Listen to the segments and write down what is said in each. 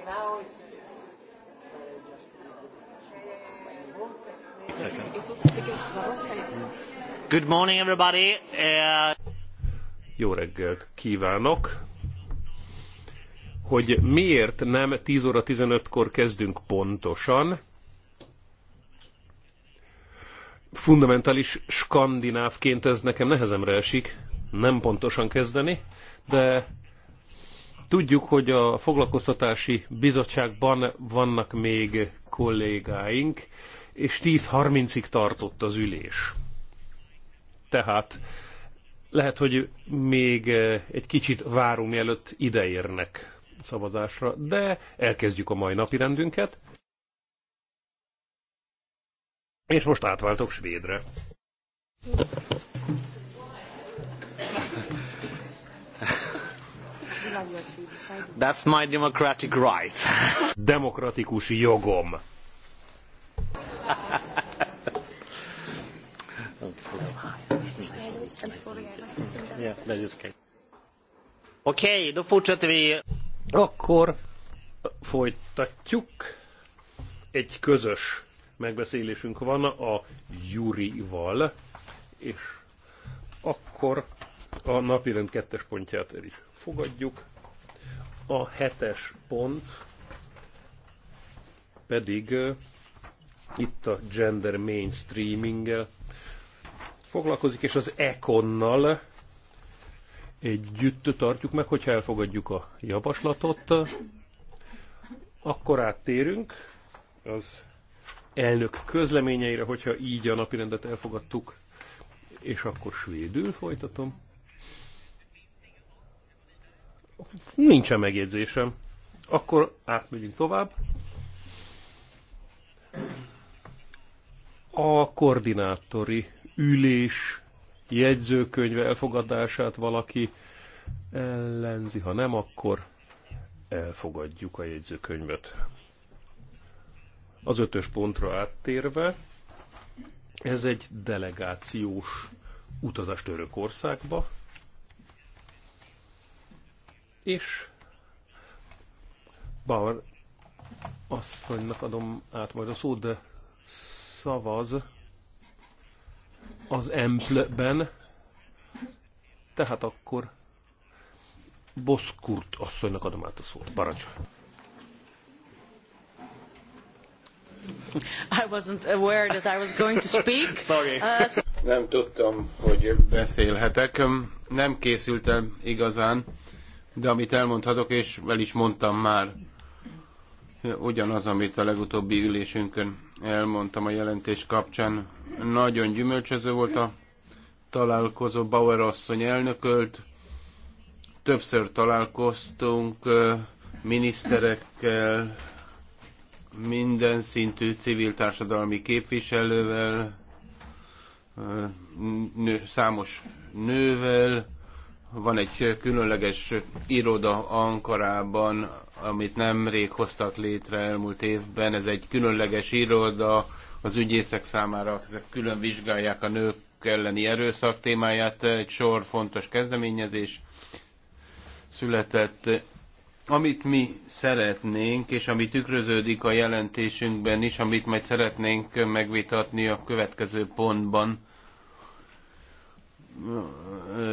right now it's, it's better just to have the discussion. Good morning, everybody. Uh, Jó reggelt kívánok! Hogy miért nem 10 óra 15-kor kezdünk pontosan, fundamentális skandinávként ez nekem nehezemre esik nem pontosan kezdeni, de Tudjuk, hogy a foglalkoztatási bizottságban vannak még kollégáink, és 10.30-ig tartott az ülés. Tehát lehet, hogy még eh, egy kicsit várunk, mielőtt ideérnek szavazásra, de elkezdjük a mai napi rendünket. És most átváltok svédre. That's my democratic right. Demokratikus jogom. Oké, då fortsätter vi. Akkor folytatjuk. Egy közös megbeszélésünk van a Jurival, és akkor a napirend kettes pontját el is fogadjuk. A hetes pont pedig itt a gender mainstreaminggel foglalkozik, és az Econnal együtt tartjuk meg, hogyha elfogadjuk a javaslatot, akkor áttérünk az elnök közleményeire, hogyha így a napirendet elfogadtuk, és akkor svédül folytatom. Nincsen megjegyzésem. Akkor átmegyünk tovább. A koordinátori ülés jegyzőkönyve elfogadását valaki ellenzi, ha nem, akkor elfogadjuk a jegyzőkönyvet. Az ötös pontra áttérve, ez egy delegációs utazás Törökországba, és Bauer asszonynak adom át majd a szót, de szavaz az empleben, tehát akkor Boszkurt asszonynak adom át a szót. Parancsolj! I wasn't aware that I was going to speak. Sorry. Uh, so... Nem tudtam, hogy beszélhetek. Nem készültem igazán de amit elmondhatok, és el is mondtam már, ugyanaz, amit a legutóbbi ülésünkön elmondtam a jelentés kapcsán. Nagyon gyümölcsöző volt a találkozó, Bauer asszony elnökölt, többször találkoztunk miniszterekkel, minden szintű civil társadalmi képviselővel, nő, számos nővel, van egy különleges iroda Ankarában, amit nemrég hoztak létre elmúlt évben. Ez egy különleges iroda az ügyészek számára, ezek külön vizsgálják a nők elleni erőszak témáját. Egy sor fontos kezdeményezés született amit mi szeretnénk, és ami tükröződik a jelentésünkben is, amit majd szeretnénk megvitatni a következő pontban,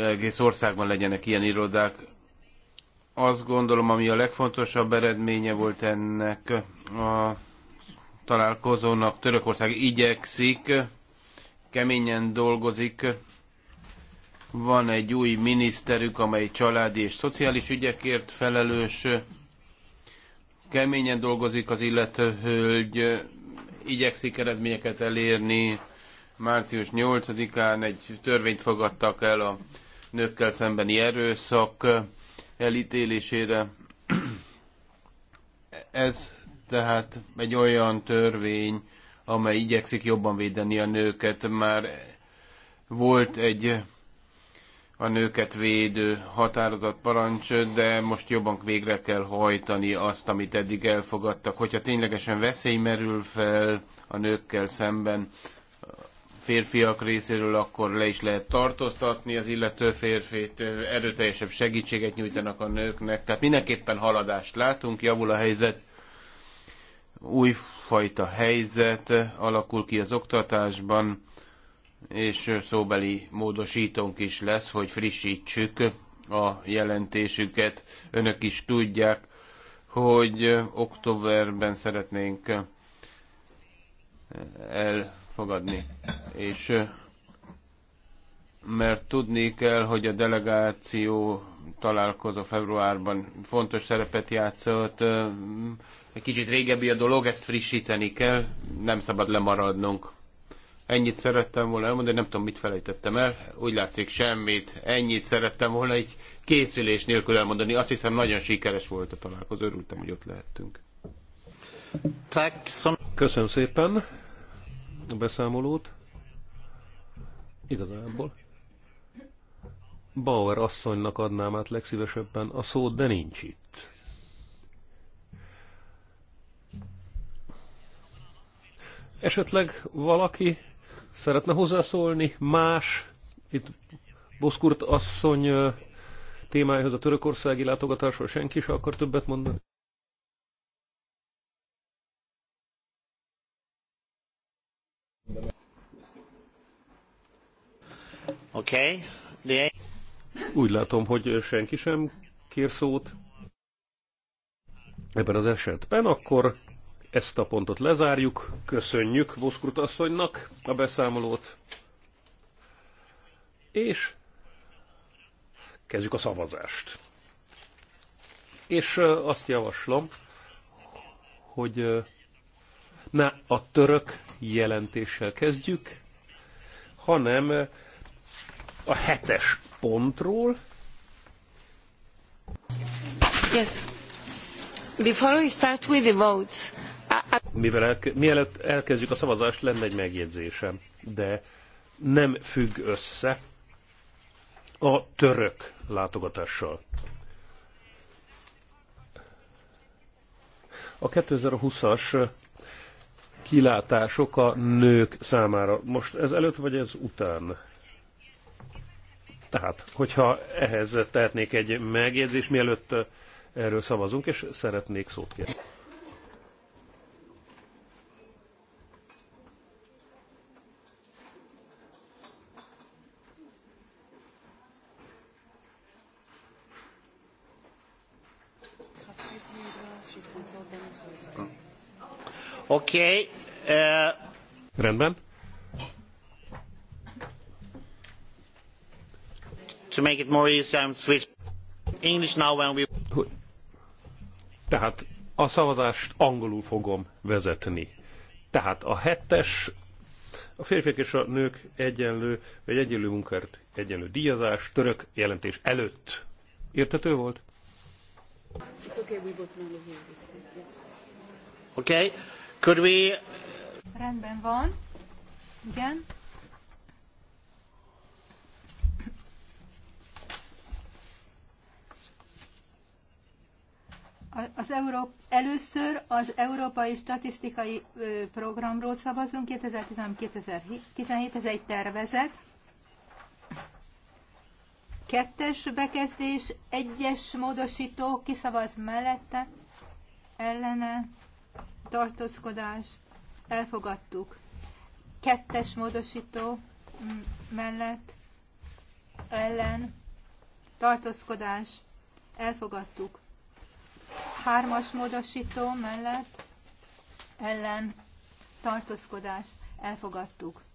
egész országban legyenek ilyen irodák. Azt gondolom, ami a legfontosabb eredménye volt ennek a találkozónak, Törökország igyekszik, keményen dolgozik, van egy új miniszterük, amely családi és szociális ügyekért felelős, keményen dolgozik az illető hölgy, igyekszik eredményeket elérni, március 8-án egy törvényt fogadtak el a nőkkel szembeni erőszak elítélésére. Ez tehát egy olyan törvény, amely igyekszik jobban védeni a nőket. Már volt egy a nőket védő határozat parancs, de most jobban végre kell hajtani azt, amit eddig elfogadtak. Hogyha ténylegesen veszély merül fel a nőkkel szemben, férfiak részéről, akkor le is lehet tartóztatni az illető férfit, erőteljesebb segítséget nyújtanak a nőknek, tehát mindenképpen haladást látunk, javul a helyzet, újfajta helyzet alakul ki az oktatásban, és szóbeli módosítónk is lesz, hogy frissítsük a jelentésüket. Önök is tudják, hogy októberben szeretnénk el fogadni. És mert tudni kell, hogy a delegáció találkozó februárban fontos szerepet játszott. Egy kicsit régebbi a dolog, ezt frissíteni kell, nem szabad lemaradnunk. Ennyit szerettem volna elmondani, nem tudom, mit felejtettem el, úgy látszik semmit. Ennyit szerettem volna egy készülés nélkül elmondani. Azt hiszem, nagyon sikeres volt a találkozó, örültem, hogy ott lehettünk. Köszönöm szépen a beszámolót. Igazából. Bauer asszonynak adnám át legszívesebben a szót, de nincs itt. Esetleg valaki szeretne hozzászólni, más, itt Boszkurt asszony témájához a törökországi látogatásról senki sem akar többet mondani. Okay. The... Úgy látom, hogy senki sem kér szót. Ebben az esetben akkor ezt a pontot lezárjuk. Köszönjük Boszkrut asszonynak a beszámolót. És kezdjük a szavazást. És azt javaslom, hogy ne a török jelentéssel kezdjük, hanem a hetes pontról. Yes. Before we start with the votes, mivel elke, mielőtt elkezdjük a szavazást, lenne egy megjegyzésem, de nem függ össze a török látogatással. A 2020-as kilátások a nők számára. Most ez előtt vagy ez után? Tehát, hogyha ehhez tehetnék egy megjegyzés mielőtt erről szavazunk, és szeretnék szót kérni. Oké. Okay. Uh... Rendben. to make it more easy, I'm switching English now when we... Tehát a szavazást angolul fogom vezetni. Tehát a hetes, a férfiak és a nők egyenlő, vagy egyenlő munkert, egyenlő díjazás, török jelentés előtt. Értető volt? It's okay, we Yes. Okay, could we... Rendben van. Igen. Az Európ, először az Európai Statisztikai Programról szavazunk, 2017 ez egy tervezet. Kettes bekezdés, egyes módosító, kiszavaz mellette, ellene, tartózkodás, elfogadtuk. Kettes módosító mellett, ellen, tartózkodás, elfogadtuk Hármas módosító mellett ellen tartózkodás elfogadtuk.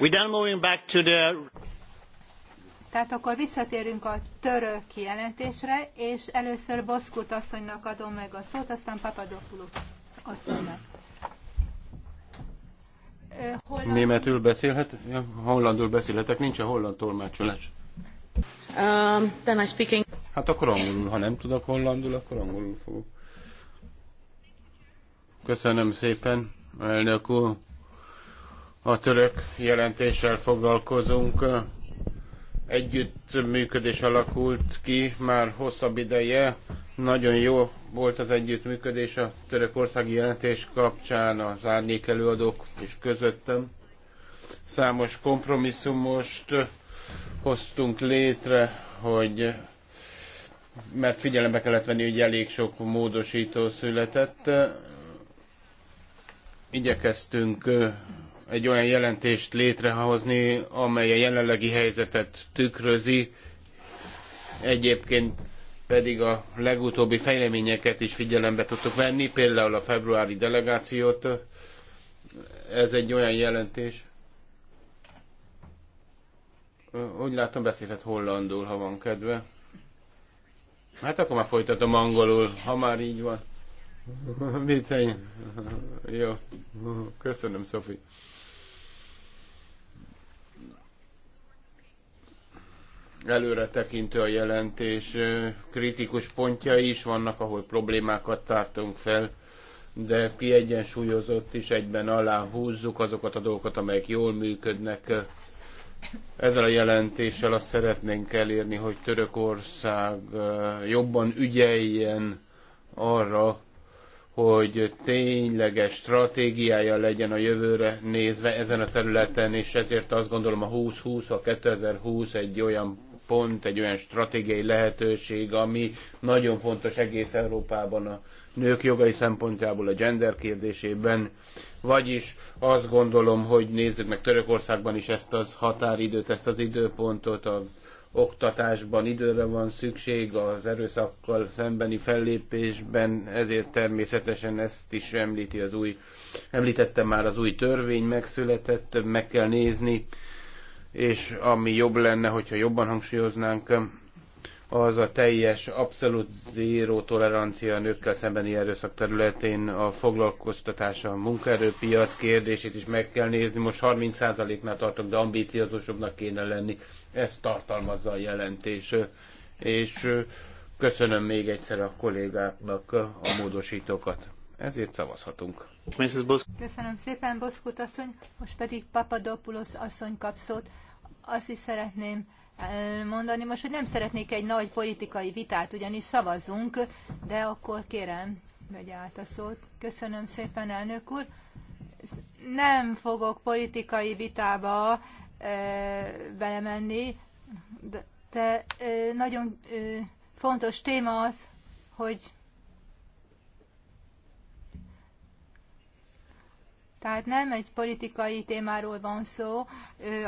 We're then moving back to the tehát akkor visszatérünk a török jelentésre és először Boszkurt asszonynak adom meg a szót, aztán Papadopoulou asszonynak. Holland... Németül beszélhet? Ja, hollandul beszélhetek, nincs a holland tolmácsolás. Um, then I speaking. Hát akkor angolul, ha nem tudok hollandul, akkor angolul fogok. Köszönöm szépen, elnök úr. A török jelentéssel foglalkozunk együttműködés alakult ki már hosszabb ideje. Nagyon jó volt az együttműködés a törökországi jelentés kapcsán az árnyék előadók és közöttem. Számos kompromisszumost hoztunk létre, hogy mert figyelembe kellett venni, hogy elég sok módosító született. Igyekeztünk egy olyan jelentést létrehozni, amely a jelenlegi helyzetet tükrözi, egyébként pedig a legutóbbi fejleményeket is figyelembe tudtuk venni, például a februári delegációt. Ez egy olyan jelentés. Úgy látom, beszélhet hollandul, ha van kedve. Hát akkor már folytatom angolul, ha már így van. Mit Jó. Köszönöm, Sophie. előre tekintő a jelentés, kritikus pontjai is vannak, ahol problémákat tártunk fel, de kiegyensúlyozott is egyben alá húzzuk azokat a dolgokat, amelyek jól működnek. Ezzel a jelentéssel azt szeretnénk elérni, hogy Törökország jobban ügyeljen arra, hogy tényleges stratégiája legyen a jövőre nézve ezen a területen, és ezért azt gondolom a 2020, a 2020 egy olyan pont egy olyan stratégiai lehetőség, ami nagyon fontos egész Európában a nők jogai szempontjából a gender kérdésében. Vagyis azt gondolom, hogy nézzük meg Törökországban is ezt az határidőt, ezt az időpontot, a oktatásban időre van szükség, az erőszakkal szembeni fellépésben, ezért természetesen ezt is említi az új, említettem már az új törvény megszületett, meg kell nézni, és ami jobb lenne, hogyha jobban hangsúlyoznánk, az a teljes, abszolút zéró tolerancia a nőkkel szembeni erőszak területén a foglalkoztatása, a munkaerőpiac kérdését is meg kell nézni. Most 30%-nál tartok, de ambíciózusabbnak kéne lenni. Ezt tartalmazza a jelentés. És köszönöm még egyszer a kollégáknak a módosítókat. Ezért szavazhatunk. Köszönöm szépen, Boszkut asszony. Most pedig Papadopoulos asszony kap szót azt is szeretném eh, mondani most, hogy nem szeretnék egy nagy politikai vitát, ugyanis szavazunk, de akkor kérem, vegy át a szót. Köszönöm szépen, elnök úr. Nem fogok politikai vitába eh, belemenni, de, de eh, nagyon fontos téma az, hogy Tehát nem egy politikai témáról van szó,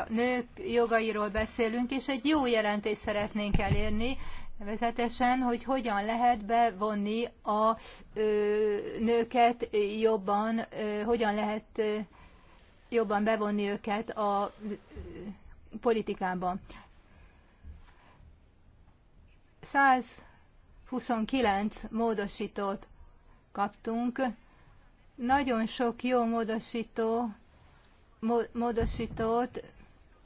nők jogairól beszélünk, és egy jó jelentést szeretnénk elérni, nevezetesen, hogy hogyan lehet bevonni a nőket jobban, hogyan lehet jobban bevonni őket a politikában. 129 módosítót kaptunk nagyon sok jó módosító, módosítót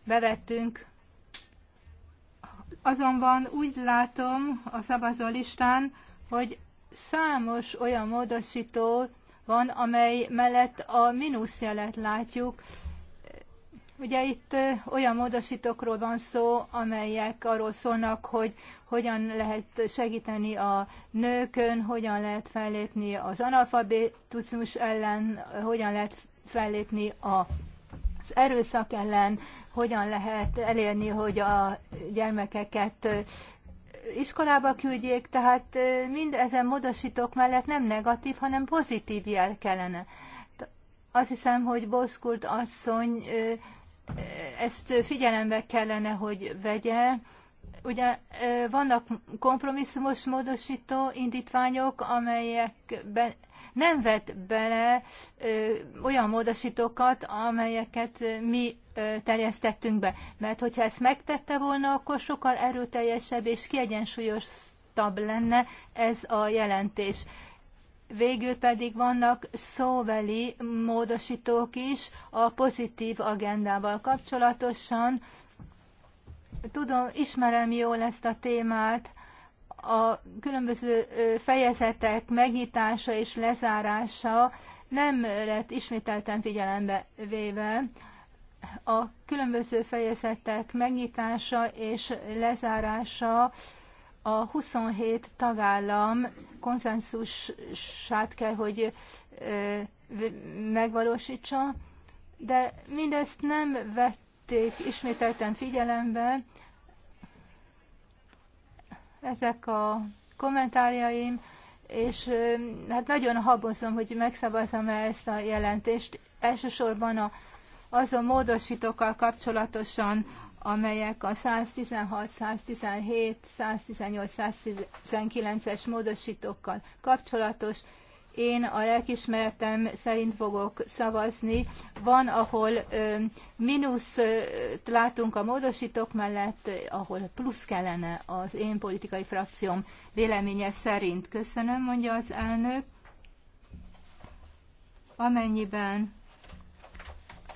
bevettünk, azonban úgy látom a szavazó listán, hogy számos olyan módosító van, amely mellett a jelet látjuk, Ugye itt olyan módosítókról van szó, amelyek arról szólnak, hogy hogyan lehet segíteni a nőkön, hogyan lehet fellépni az analfabetizmus ellen, hogyan lehet fellépni az erőszak ellen, hogyan lehet elérni, hogy a gyermekeket iskolába küldjék, tehát mind ezen módosítók mellett nem negatív, hanem pozitív jel kellene. Azt hiszem, hogy Boszkult asszony ezt figyelembe kellene, hogy vegye. Ugye vannak kompromisszumos módosító indítványok, amelyekben nem vett bele olyan módosítókat, amelyeket mi terjesztettünk be. Mert hogyha ezt megtette volna, akkor sokkal erőteljesebb és kiegyensúlyosabb lenne ez a jelentés. Végül pedig vannak szóveli módosítók is a pozitív agendával kapcsolatosan. Tudom, ismerem jól ezt a témát, a különböző fejezetek megnyitása és lezárása nem lett ismételten figyelembe véve. A különböző fejezetek megnyitása és lezárása a 27 tagállam konszenzusát kell, hogy megvalósítsa, de mindezt nem vették ismételten figyelembe. Ezek a kommentárjaim, és hát nagyon habozom, hogy megszavazom-e ezt a jelentést. Elsősorban a, az a módosítókkal kapcsolatosan, amelyek a 116, 117, 118, 119-es módosítókkal kapcsolatos. Én a lelkismeretem szerint fogok szavazni. Van, ahol mínusz mínuszt látunk a módosítók mellett, ahol plusz kellene az én politikai frakcióm véleménye szerint. Köszönöm, mondja az elnök. Amennyiben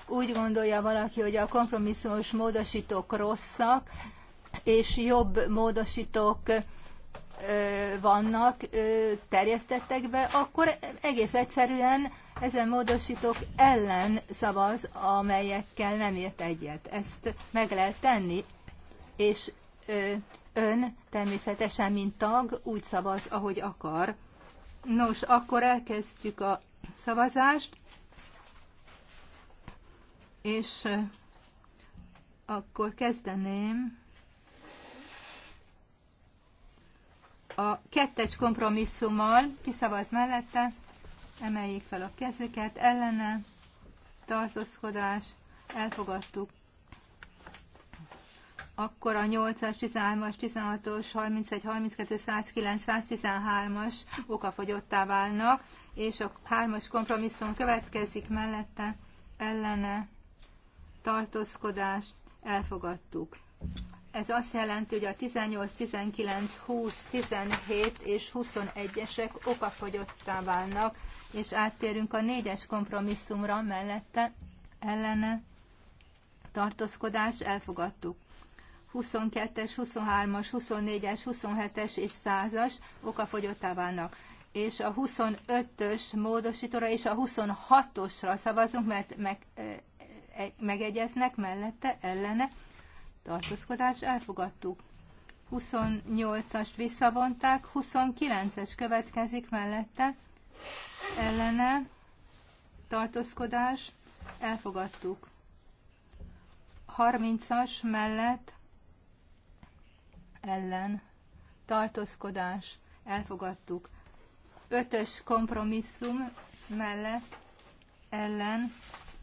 úgy gondolja valaki, hogy a kompromisszumos módosítók rosszak, és jobb módosítók vannak, terjesztettek be, akkor egész egyszerűen ezen módosítók ellen szavaz, amelyekkel nem ért egyet. Ezt meg lehet tenni, és ön természetesen, mint tag, úgy szavaz, ahogy akar. Nos, akkor elkezdjük a szavazást és akkor kezdeném a kettes kompromisszummal, kiszavaz mellette, emeljék fel a kezüket, ellene, tartózkodás, elfogadtuk. Akkor a 8-as, 13-as, 16-os, 31, 32, 109, 113-as okafogyottá válnak, és a 3-as kompromisszum következik mellette, ellene, tartózkodást elfogadtuk. Ez azt jelenti, hogy a 18, 19, 20, 17 és 21-esek okafogyottá válnak, és áttérünk a négyes kompromisszumra mellette ellene tartózkodás, elfogadtuk. 22-es, 23-as, 24-es, 27-es és 100-as okafogyottá válnak. És a 25-ös módosítóra és a 26-osra szavazunk, mert meg megegyeznek mellette, ellene, tartózkodás elfogadtuk. 28-as visszavonták, 29-es következik mellette, ellene, tartózkodás elfogadtuk. 30-as mellett, ellen, tartózkodás elfogadtuk. 5-ös kompromisszum mellett, ellen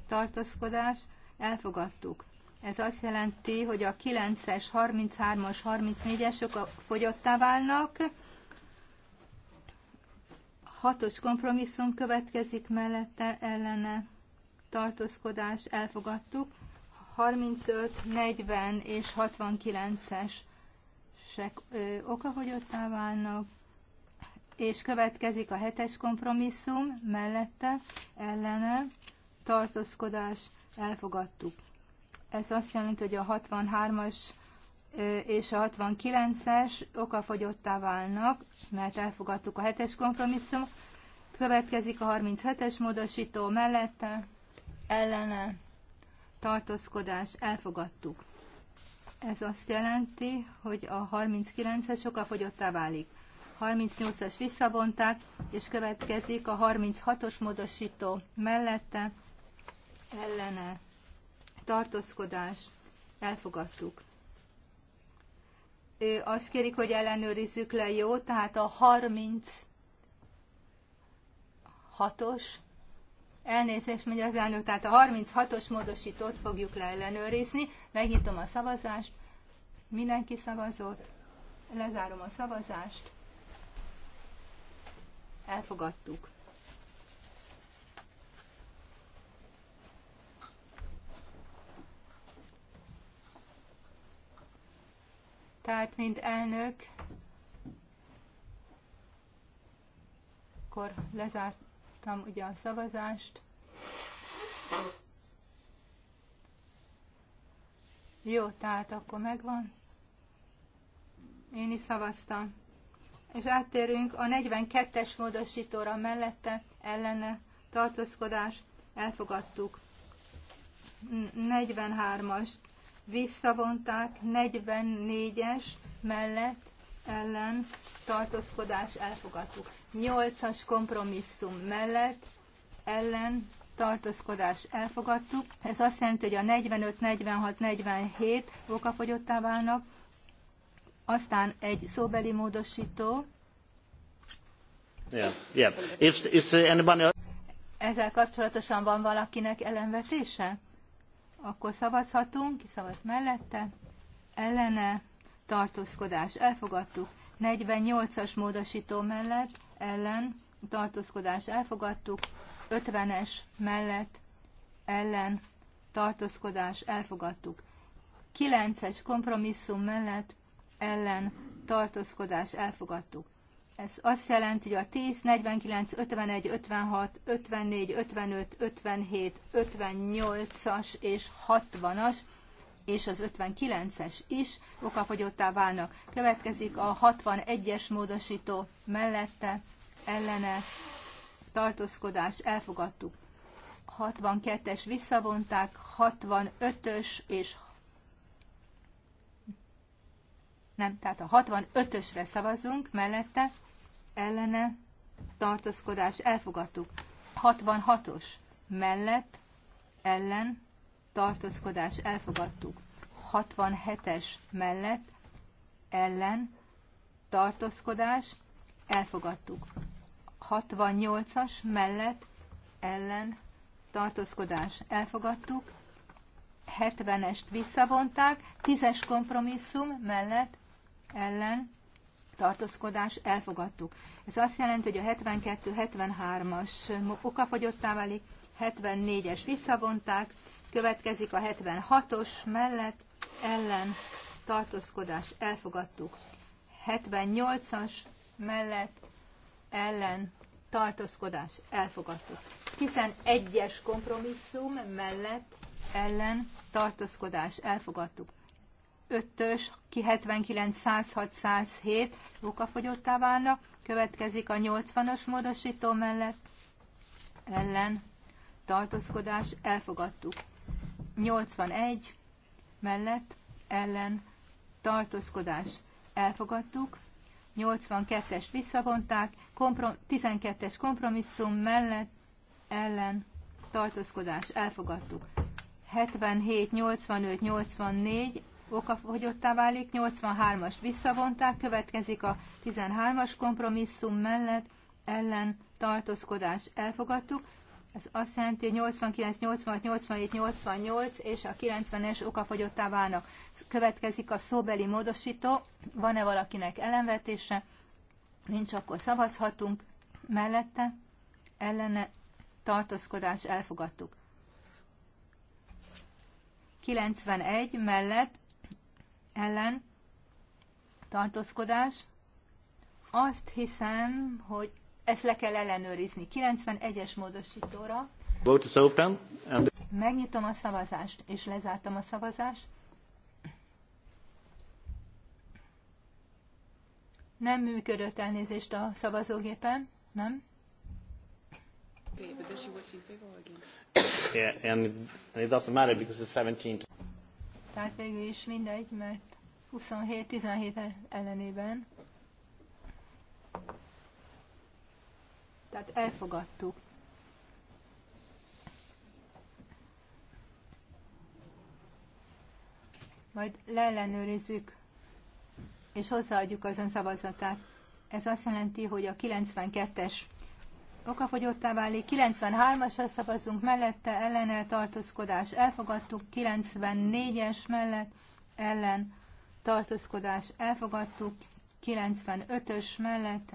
tartózkodás, elfogadtuk. Ez azt jelenti, hogy a 9-es, 33-as, 34-esek fogyottá válnak. Hatos kompromisszum következik mellette ellene tartózkodás, elfogadtuk. 35, 40 és 69-es oka fogyottá válnak, és következik a hetes kompromisszum mellette, ellene tartózkodás, elfogadtuk. Ez azt jelenti, hogy a 63-as és a 69-es okafogyottá válnak, mert elfogadtuk a 7-es kompromisszum. Következik a 37-es módosító mellette, ellene, tartózkodás, elfogadtuk. Ez azt jelenti, hogy a 39-es okafogyottá válik. 38-as visszavonták, és következik a 36-os módosító mellette, ellene tartózkodás elfogadtuk. Ő azt kérik, hogy ellenőrizzük le, jó? Tehát a 36-os, elnézést megy az elnök, tehát a 36-os módosítót fogjuk leellenőrizni. Megnyitom a szavazást, mindenki szavazott, lezárom a szavazást, elfogadtuk. Tehát, mint elnök, akkor lezártam ugye a szavazást. Jó, tehát akkor megvan. Én is szavaztam. És áttérünk a 42-es módosítóra mellette, ellene, tartózkodás, elfogadtuk. 43-as visszavonták 44-es mellett ellen tartózkodás elfogadtuk. 8-as kompromisszum mellett ellen tartózkodás elfogadtuk. Ez azt jelenti, hogy a 45, 46, 47 okafogyottá válnak. Aztán egy szóbeli módosító. Yeah, yeah. If, is anybody... Ezzel kapcsolatosan van valakinek ellenvetése? Akkor szavazhatunk, ki szavaz mellette, ellene, tartózkodás, elfogadtuk. 48-as módosító mellett, ellen, tartózkodás, elfogadtuk. 50-es mellett, ellen, tartózkodás, elfogadtuk. 9-es kompromisszum mellett, ellen, tartózkodás, elfogadtuk. Ez azt jelenti, hogy a 10, 49, 51, 56, 54, 55, 57, 58-as és 60-as és az 59-es is okafogyottá válnak. Következik a 61-es módosító mellette ellene tartózkodás elfogadtuk. 62-es visszavonták, 65-ös és nem, tehát a 65-ösre szavazzunk, mellette ellene tartózkodás elfogadtuk. 66-os mellett ellen tartózkodás elfogadtuk. 67-es mellett ellen tartózkodás elfogadtuk. 68-as mellett ellen tartózkodás elfogadtuk. 70-est visszavonták, 10-es kompromisszum mellett ellen tartózkodás elfogadtuk. Ez azt jelenti, hogy a 72-73-as okafogyottá válik, 74-es visszavonták, következik a 76-os mellett ellen tartózkodás elfogadtuk. 78-as mellett ellen tartózkodás elfogadtuk. 11-es kompromisszum mellett ellen tartózkodás elfogadtuk. 5-ös, ki 79, 106, 107 rókafogyottá válnak, következik a 80-as módosító mellett ellen tartózkodás elfogadtuk. 81 mellett ellen tartózkodás elfogadtuk, 82-es visszavonták, komprom- 12-es kompromisszum mellett ellen tartózkodás elfogadtuk. 77, 85, 84 okafogyottá válik, 83-as visszavonták, következik a 13-as kompromisszum mellett ellen tartózkodás elfogadtuk. Ez azt jelenti, 89, 86, 87, 88 és a 90-es okafogyottá válnak. Következik a szóbeli módosító. Van-e valakinek ellenvetése? Nincs, akkor szavazhatunk. Mellette ellene tartózkodás elfogadtuk. 91 mellett ellen tartózkodás. Azt hiszem, hogy ezt le kell ellenőrizni. 91-es módosítóra. Vote is open. And... Megnyitom a szavazást, és lezártam a szavazást. Nem működött elnézést a szavazógépen, nem? Yeah, and it doesn't matter because it's 17. Tehát végül is mindegy, mert 27-17 ellenében. Tehát elfogadtuk. Majd leellenőrizzük, és hozzáadjuk azon szavazatát. Ez azt jelenti, hogy a 92-es okafogyottá válik, 93-asra szavazunk mellette, ellene tartózkodás elfogadtuk, 94-es mellett ellen tartózkodás elfogadtuk, 95-ös mellett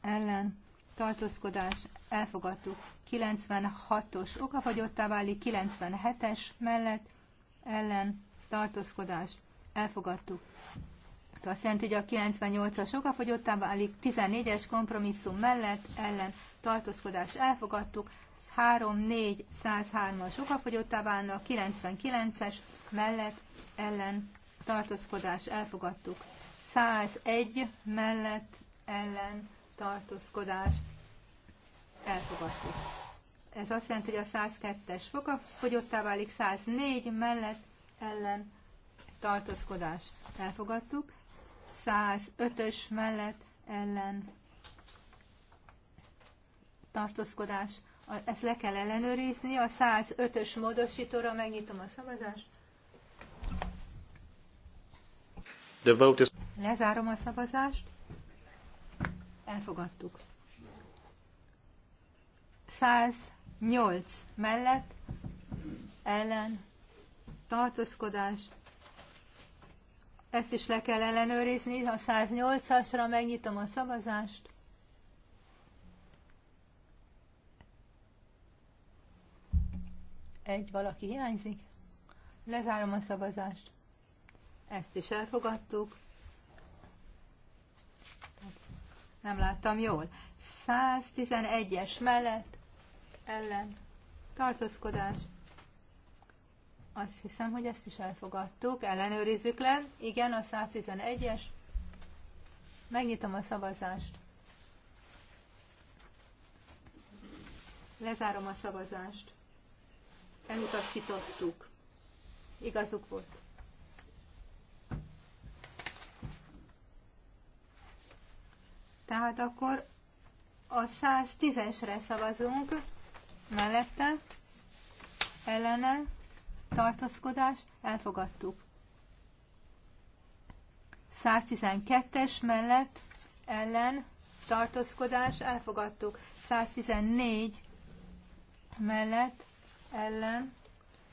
ellen tartózkodás elfogadtuk, 96-os okafogyottá válik, 97-es mellett ellen tartózkodás elfogadtuk. Ez azt jelenti, hogy a 98-as okafogyottá válik, 14-es kompromisszum mellett ellen tartózkodást elfogadtuk, 3-4, 103-as okafogyottá válna, 99-es mellett ellen tartózkodást elfogadtuk, 101 mellett ellen tartózkodást elfogadtuk. Ez azt jelenti, hogy a 102-es fogyottá válik, 104 mellett ellen tartózkodást elfogadtuk, 105-ös mellett ellen tartózkodás, ezt le kell ellenőrizni. A 105-ös módosítóra megnyitom a szavazást. The vote is... Lezárom a szavazást. Elfogadtuk. 108 mellett ellen tartózkodás. Ezt is le kell ellenőrizni. A 108-asra megnyitom a szavazást. egy valaki hiányzik. Lezárom a szavazást. Ezt is elfogadtuk. Nem láttam jól. 111-es mellett ellen tartózkodás. Azt hiszem, hogy ezt is elfogadtuk. Ellenőrizzük le. Igen, a 111-es. Megnyitom a szavazást. Lezárom a szavazást elutasítottuk. Igazuk volt. Tehát akkor a 110-esre szavazunk mellette, ellene, tartózkodás, elfogadtuk. 112-es mellett, ellen, tartózkodás, elfogadtuk. 114 mellett, ellen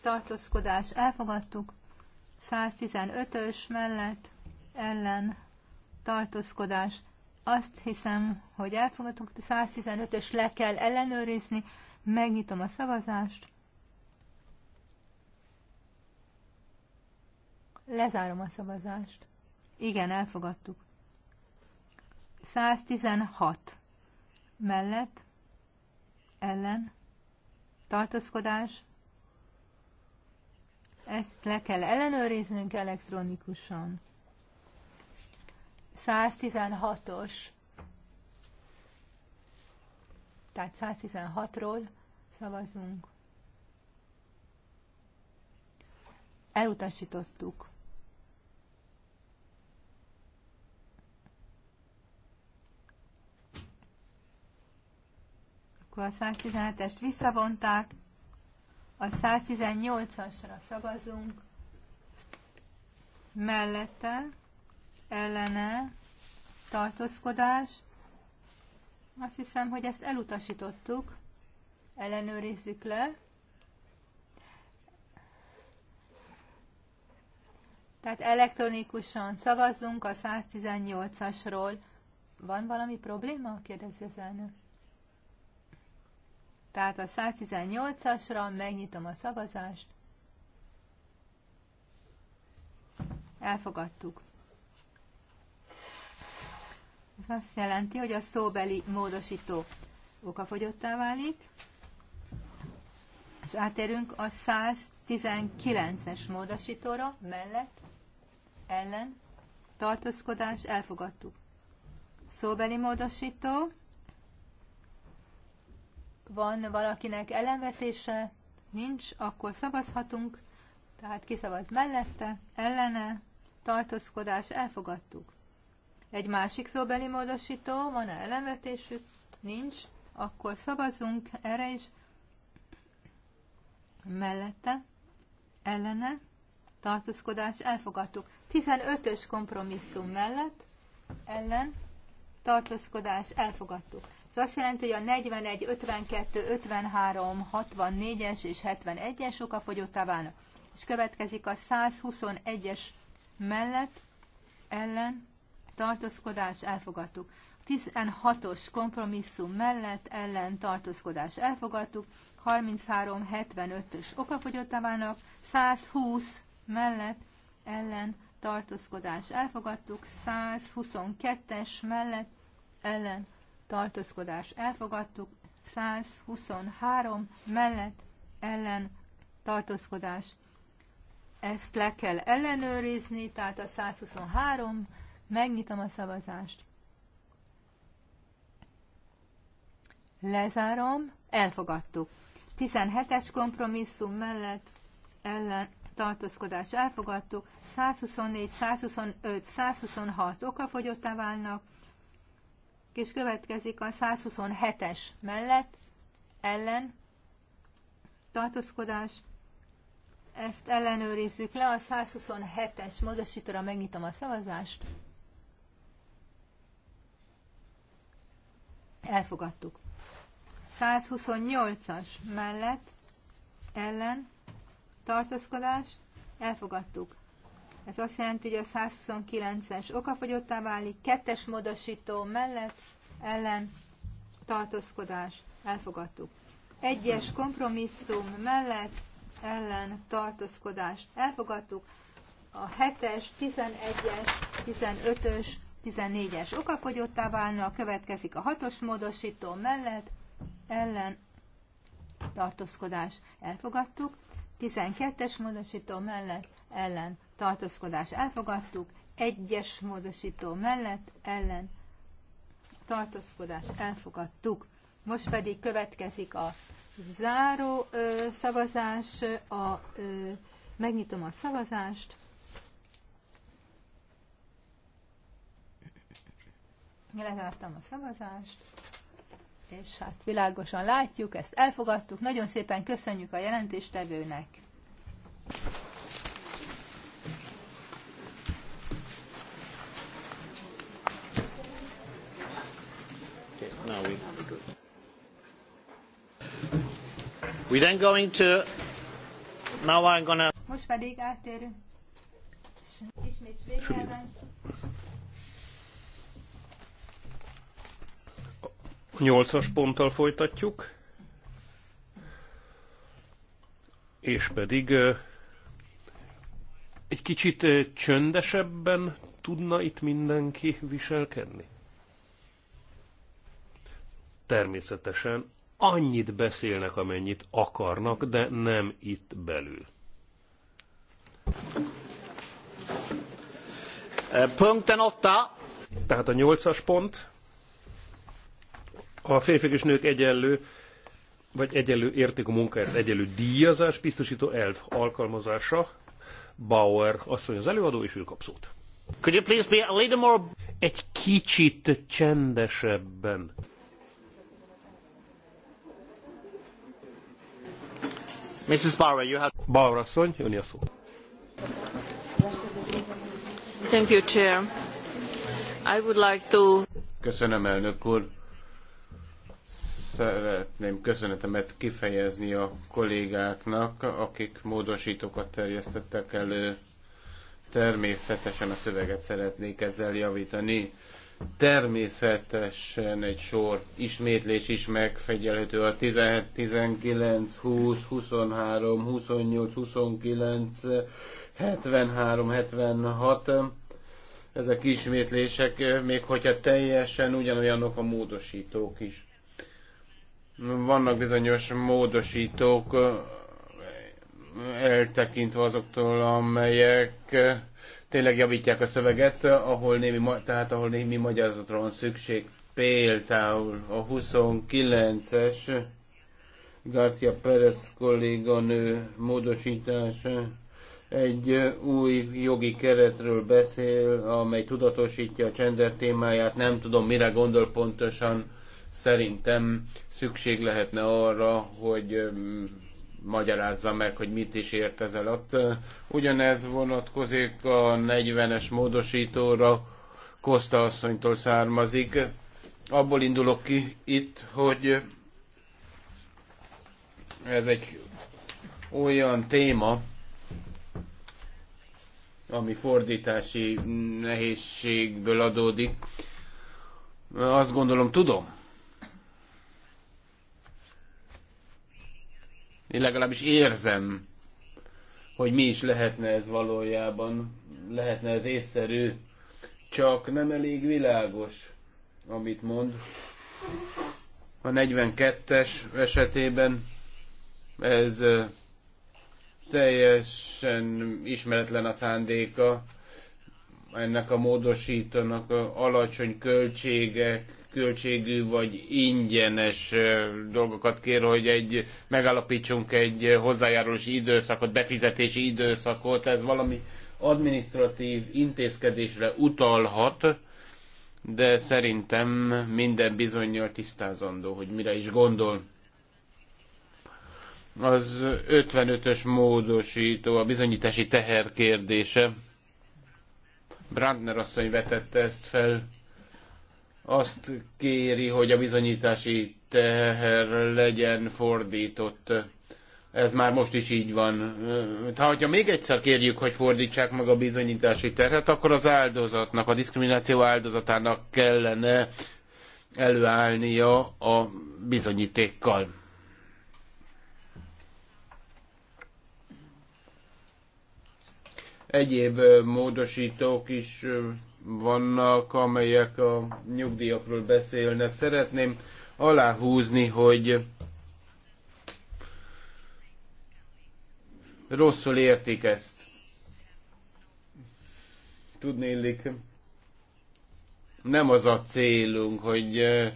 tartózkodás elfogadtuk, 115-ös mellett ellen tartózkodás. Azt hiszem, hogy elfogadtuk, 115-ös le kell ellenőrizni, megnyitom a szavazást. Lezárom a szavazást. Igen, elfogadtuk. 116 mellett ellen tartózkodás. Ezt le kell ellenőriznünk elektronikusan. 116-os. Tehát 116-ról szavazunk. Elutasítottuk. Akkor a 117-est visszavonták, a 118-asra szavazunk, mellette, ellene, tartózkodás. Azt hiszem, hogy ezt elutasítottuk, ellenőrizzük le. Tehát elektronikusan szavazzunk a 118-asról. Van valami probléma? kérdezi az elnök. Tehát a 118-asra megnyitom a szavazást. Elfogadtuk. Ez azt jelenti, hogy a szóbeli módosító okafogyottá válik, és átérünk a 119-es módosítóra mellett, ellen, tartózkodás, elfogadtuk. Szóbeli módosító, van valakinek ellenvetése? Nincs, akkor szavazhatunk. Tehát kiszavaz mellette, ellene, tartózkodás, elfogadtuk. Egy másik szóbeli módosító, van-e ellenvetésük? Nincs, akkor szavazunk erre is. Mellette, ellene, tartózkodás, elfogadtuk. 15-ös kompromisszum mellett, ellen, tartózkodás, elfogadtuk. Ez azt jelenti, hogy a 41, 52, 53, 64-es és 71-es okafogyottá válnak. És következik a 121-es mellett ellen tartózkodás elfogadtuk. 16-os kompromisszum mellett ellen tartózkodás elfogadtuk, 33-75-ös okafogyottá válnak, 120 mellett ellen tartózkodás elfogadtuk, 122-es mellett ellen tartózkodás elfogadtuk, 123 mellett ellen tartózkodás. Ezt le kell ellenőrizni, tehát a 123, megnyitom a szavazást. Lezárom, elfogadtuk. 17-es kompromisszum mellett ellen tartózkodás elfogadtuk, 124, 125, 126 okafogyottá válnak, és következik a 127-es mellett ellen tartózkodás. Ezt ellenőrizzük le, a 127-es módosítóra megnyitom a szavazást. Elfogadtuk. 128-as mellett ellen tartózkodás. Elfogadtuk. Ez azt jelenti, hogy a 129-es okafogyottá válik, kettes módosító mellett ellen tartózkodás elfogadtuk. Egyes kompromisszum mellett ellen tartózkodást elfogadtuk. A 7-es, 11-es, 15-ös, 14-es okafogyottá válna, következik a 6-os módosító mellett ellen tartózkodás elfogadtuk. 12-es módosító mellett ellen tartózkodás elfogadtuk, egyes módosító mellett ellen tartózkodás elfogadtuk. Most pedig következik a záró ö, szavazás, a, ö, megnyitom a szavazást. Lezártam a szavazást, és hát világosan látjuk, ezt elfogadtuk. Nagyon szépen köszönjük a jelentéstevőnek. we? We then going to... Now I'm gonna... Most pedig áttérünk. Ismét Svédelben. Nyolcas ponttal folytatjuk, és pedig egy kicsit csöndesebben tudna itt mindenki viselkedni? természetesen annyit beszélnek, amennyit akarnak, de nem itt belül. Eh, Punkten otta. Tehát a nyolcas pont. A férfiak és nők egyenlő, vagy egyenlő értékű munkáért egyenlő díjazás biztosító elv alkalmazása. Bauer asszony az előadó, és ő kap szót. Could you please be a little more... Egy kicsit csendesebben. Mrs. Bauer, you have... Bauer asszony, jönni a szó. Thank you, Chair. I would like to... Köszönöm, elnök úr. Szeretném köszönetemet kifejezni a kollégáknak, akik módosítókat terjesztettek elő. Természetesen a szöveget szeretnék ezzel javítani Természetesen egy sor ismétlés is megfegyelhető a 17, 19, 20, 23, 28, 29, 73, 76. Ezek ismétlések, még hogyha teljesen ugyanolyanok a módosítók is. Vannak bizonyos módosítók, eltekintve azoktól, amelyek tényleg javítják a szöveget, ahol némi, tehát ahol némi magyarázatra van szükség. Például a 29-es Garcia Perez kolléganő módosítása egy új jogi keretről beszél, amely tudatosítja a csender témáját. Nem tudom, mire gondol pontosan. Szerintem szükség lehetne arra, hogy magyarázza meg, hogy mit is ért ez alatt. Ugyanez vonatkozik a 40-es módosítóra, Kosta asszonytól származik. Abból indulok ki itt, hogy ez egy olyan téma, ami fordítási nehézségből adódik. Azt gondolom, tudom, Én legalábbis érzem, hogy mi is lehetne ez valójában, lehetne ez észszerű, csak nem elég világos, amit mond. A 42-es esetében ez teljesen ismeretlen a szándéka ennek a módosítanak, alacsony költségek költségű vagy ingyenes dolgokat kér, hogy egy, megállapítsunk egy hozzájárulási időszakot, befizetési időszakot, ez valami administratív intézkedésre utalhat, de szerintem minden bizonyal tisztázandó, hogy mire is gondol. Az 55-ös módosító, a bizonyítási teher kérdése. Brandner asszony vetette ezt fel azt kéri, hogy a bizonyítási teher legyen fordított. Ez már most is így van. Ha hogyha még egyszer kérjük, hogy fordítsák meg a bizonyítási terhet, akkor az áldozatnak, a diszkrimináció áldozatának kellene előállnia a bizonyítékkal. Egyéb módosítók is vannak, amelyek a nyugdíjakról beszélnek. Szeretném aláhúzni, hogy rosszul értik ezt. Tudnélik, nem az a célunk, hogy eh,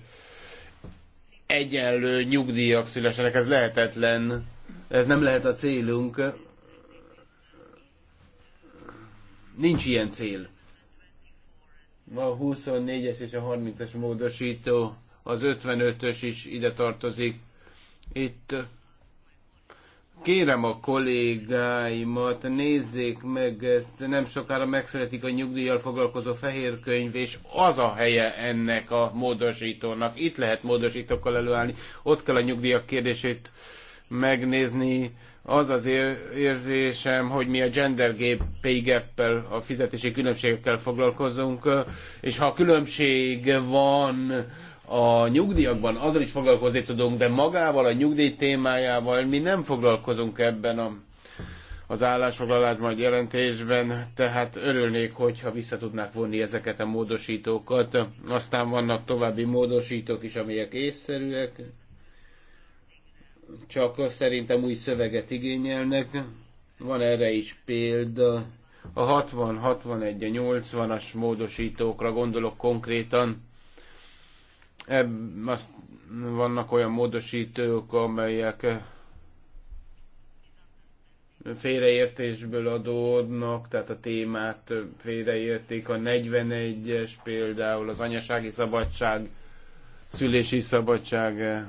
egyenlő nyugdíjak szülessenek, ez lehetetlen. Ez nem lehet a célunk. Nincs ilyen cél. A 24-es és a 30-es módosító, az 55-ös is ide tartozik. Itt kérem a kollégáimat, nézzék meg ezt, nem sokára megszületik a nyugdíjjal foglalkozó fehér könyv, és az a helye ennek a módosítónak. Itt lehet módosítókkal előállni, ott kell a nyugdíjak kérdését megnézni, az az érzésem, hogy mi a gender gap, pay gap a fizetési különbségekkel foglalkozunk, és ha különbség van a nyugdíjakban, azzal is foglalkozni tudunk, de magával, a nyugdíj témájával mi nem foglalkozunk ebben a, az állásfoglalásban, a jelentésben, tehát örülnék, hogyha vissza tudnák vonni ezeket a módosítókat. Aztán vannak további módosítók is, amelyek észszerűek, csak szerintem új szöveget igényelnek. Van erre is példa. A 60, 61, a 80-as módosítókra gondolok konkrétan. Ebb, azt, vannak olyan módosítók, amelyek félreértésből adódnak, tehát a témát félreérték. A 41-es például az anyasági szabadság, szülési szabadság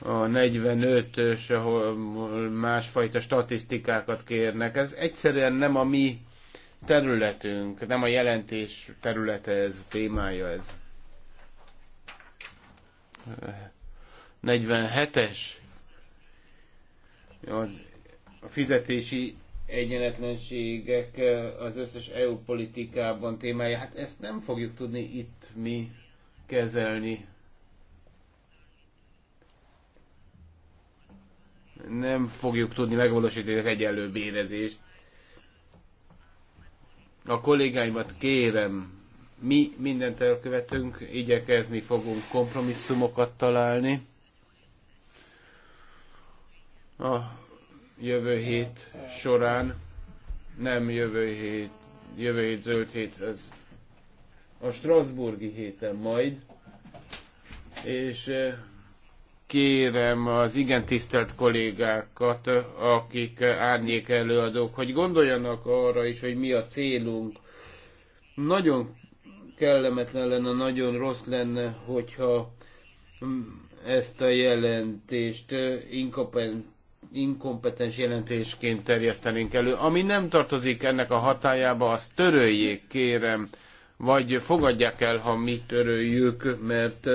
a 45-ös, ahol másfajta statisztikákat kérnek. Ez egyszerűen nem a mi területünk, nem a jelentés területe ez, témája ez. 47-es a fizetési egyenetlenségek az összes EU politikában témája. Hát ezt nem fogjuk tudni itt mi kezelni nem fogjuk tudni megvalósítani az egyenlő bérezést. A kollégáimat kérem, mi mindent elkövetünk, igyekezni fogunk kompromisszumokat találni. A jövő hét során, nem jövő hét, jövő hét zöld hét, az a Strasburgi héten majd, és eh, kérem az igen tisztelt kollégákat, akik árnyék előadók, hogy gondoljanak arra is, hogy mi a célunk. Nagyon kellemetlen lenne, nagyon rossz lenne, hogyha ezt a jelentést inkompetens jelentésként terjesztenénk elő. Ami nem tartozik ennek a hatájába, azt töröljék, kérem, vagy fogadják el, ha mi töröljük, mert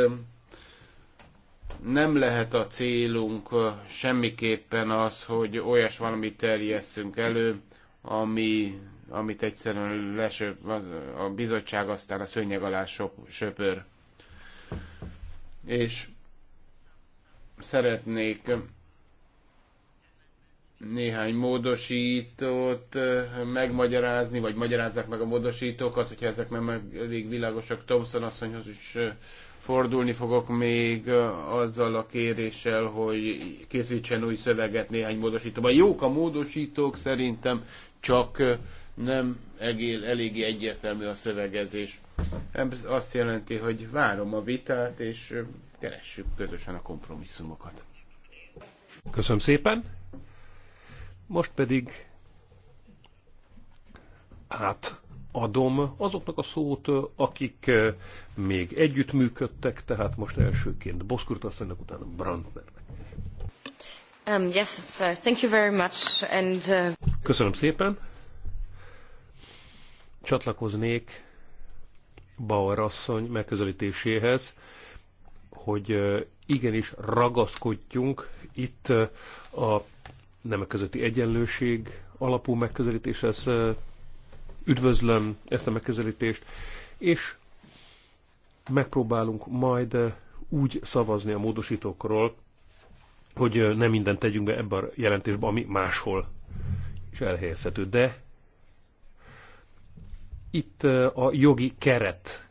nem lehet a célunk semmiképpen az, hogy olyas valamit terjesszünk elő, ami, amit egyszerűen lesöp, a bizottság aztán a szőnyeg alá söpör. És szeretnék néhány módosítót megmagyarázni, vagy magyarázzák meg a módosítókat, hogyha ezek nem elég világosak. Thompson asszonyhoz is fordulni fogok még azzal a kéréssel, hogy készítsen új szöveget néhány módosítóban. Jók a módosítók, szerintem csak nem egél, eléggé egyértelmű a szövegezés. Ez azt jelenti, hogy várom a vitát, és keressük közösen a kompromisszumokat. Köszönöm szépen. Most pedig át adom azoknak a szót, akik eh, még együttműködtek, tehát most elsőként Boszkurt asszonynak, utána Brandnernek. Um, yes, sir. Thank you very much. And, uh... Köszönöm szépen. Csatlakoznék Bauer asszony megközelítéséhez, hogy eh, igenis ragaszkodjunk itt eh, a nemek közötti egyenlőség alapú megközelítéshez Üdvözlöm ezt a megközelítést, és megpróbálunk majd eh, úgy szavazni a módosítókról, hogy eh, nem mindent tegyünk be ebben a jelentésben, ami máshol is elhelyezhető. De itt eh, a jogi keret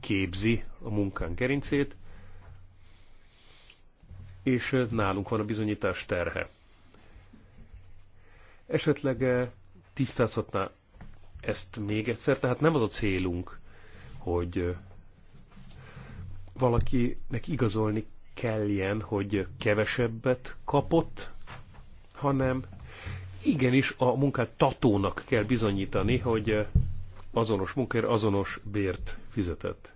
képzi a munkán gerincét, és nálunk van a bizonyítás terhe. Esetleg tisztázhatná ezt még egyszer, tehát nem az a célunk, hogy valakinek igazolni kelljen, hogy kevesebbet kapott, hanem igenis a munkáltatónak kell bizonyítani, hogy azonos munkér azonos bért fizetett.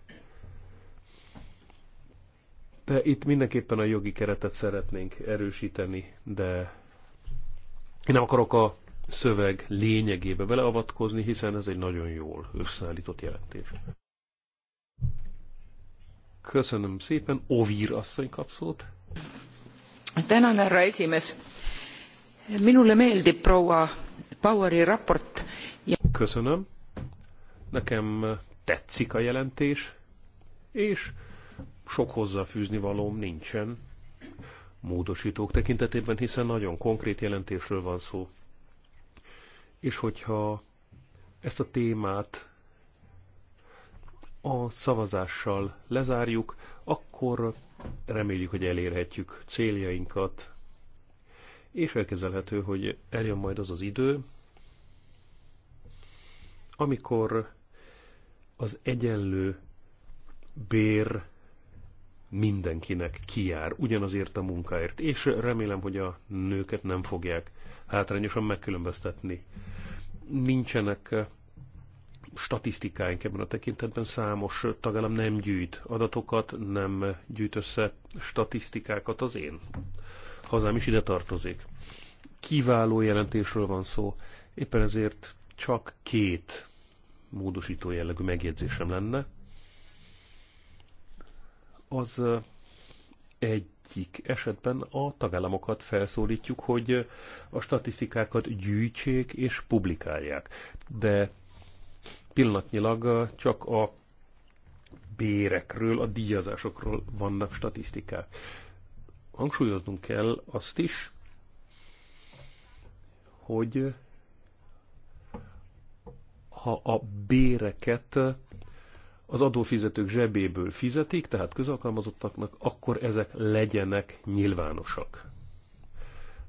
De itt mindenképpen a jogi keretet szeretnénk erősíteni, de én nem akarok a szöveg lényegébe beleavatkozni, hiszen ez egy nagyon jól összeállított jelentés. Köszönöm szépen. Ovír asszony kap szót. Tänan, härra esimees. Minule meeldib proua Poweri raport. Köszönöm. Nekem tetszik a jelentés, és sok hozzáfűzni valóm nincsen módosítók tekintetében, hiszen nagyon konkrét jelentésről van szó és hogyha ezt a témát a szavazással lezárjuk, akkor reméljük, hogy elérhetjük céljainkat, és elkezelhető, hogy eljön majd az az idő, amikor az egyenlő bér mindenkinek kijár, ugyanazért a munkáért, és remélem, hogy a nőket nem fogják hátrányosan megkülönböztetni. Nincsenek eh, statisztikáink ebben a tekintetben számos tagállam nem gyűjt adatokat, nem gyűjt össze statisztikákat az én. Hazám is ide tartozik. Kiváló jelentésről van szó, éppen ezért csak két módosító jellegű megjegyzésem lenne. Az eh, egy egyik esetben a tagállamokat felszólítjuk, hogy a statisztikákat gyűjtsék és publikálják. De pillanatnyilag csak a bérekről, a díjazásokról vannak statisztikák. Hangsúlyoznunk kell azt is, hogy ha a béreket az adófizetők zsebéből fizetik, tehát közalkalmazottaknak, akkor ezek legyenek nyilvánosak.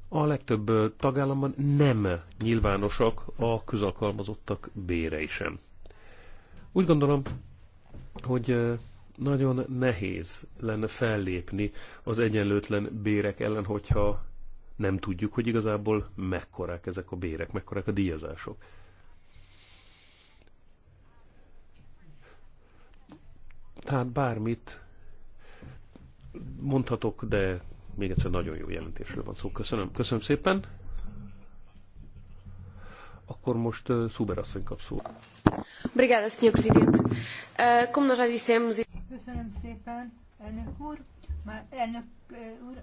A legtöbb tagállamban nem nyilvánosak a közalkalmazottak bérei sem. Úgy gondolom, hogy nagyon nehéz lenne fellépni az egyenlőtlen bérek ellen, hogyha nem tudjuk, hogy igazából mekkorák ezek a bérek, mekkorák a díjazások. Tehát bármit mondhatok, de még egyszer nagyon jó jelentésről van szó. Köszönöm. Köszönöm szépen. Akkor most uh, Szuber asszony kap szót. Brigáda, eh, Köszönöm szépen, elnök úr. Már, elnök úr,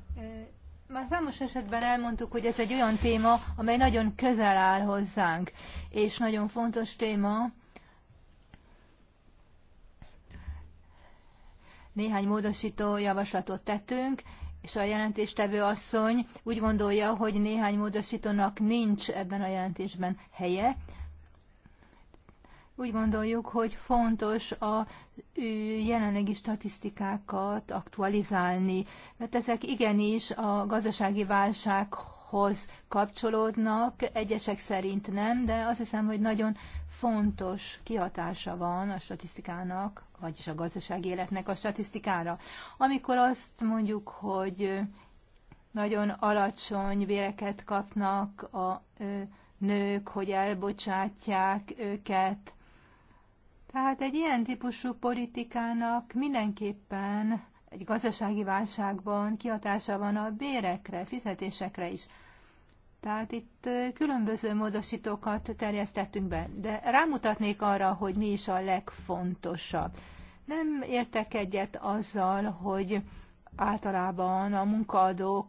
már számos esetben elmondtuk, hogy ez egy olyan téma, amely nagyon közel áll hozzánk, és nagyon fontos téma, néhány módosító javaslatot tettünk, és a jelentéstevő asszony úgy gondolja, hogy néhány módosítónak nincs ebben a jelentésben helye. Úgy gondoljuk, hogy fontos a jelenlegi statisztikákat aktualizálni, mert ezek igenis a gazdasági válsághoz kapcsolódnak, egyesek szerint nem, de azt hiszem, hogy nagyon fontos kihatása van a statisztikának vagyis a gazdasági életnek a statisztikára. Amikor azt mondjuk, hogy nagyon alacsony véreket kapnak a nők, hogy elbocsátják őket. Tehát egy ilyen típusú politikának mindenképpen egy gazdasági válságban kihatása van a bérekre, fizetésekre is. Tehát itt különböző módosítókat terjesztettünk be, de rámutatnék arra, hogy mi is a legfontosabb. Nem értek egyet azzal, hogy általában a munkaadók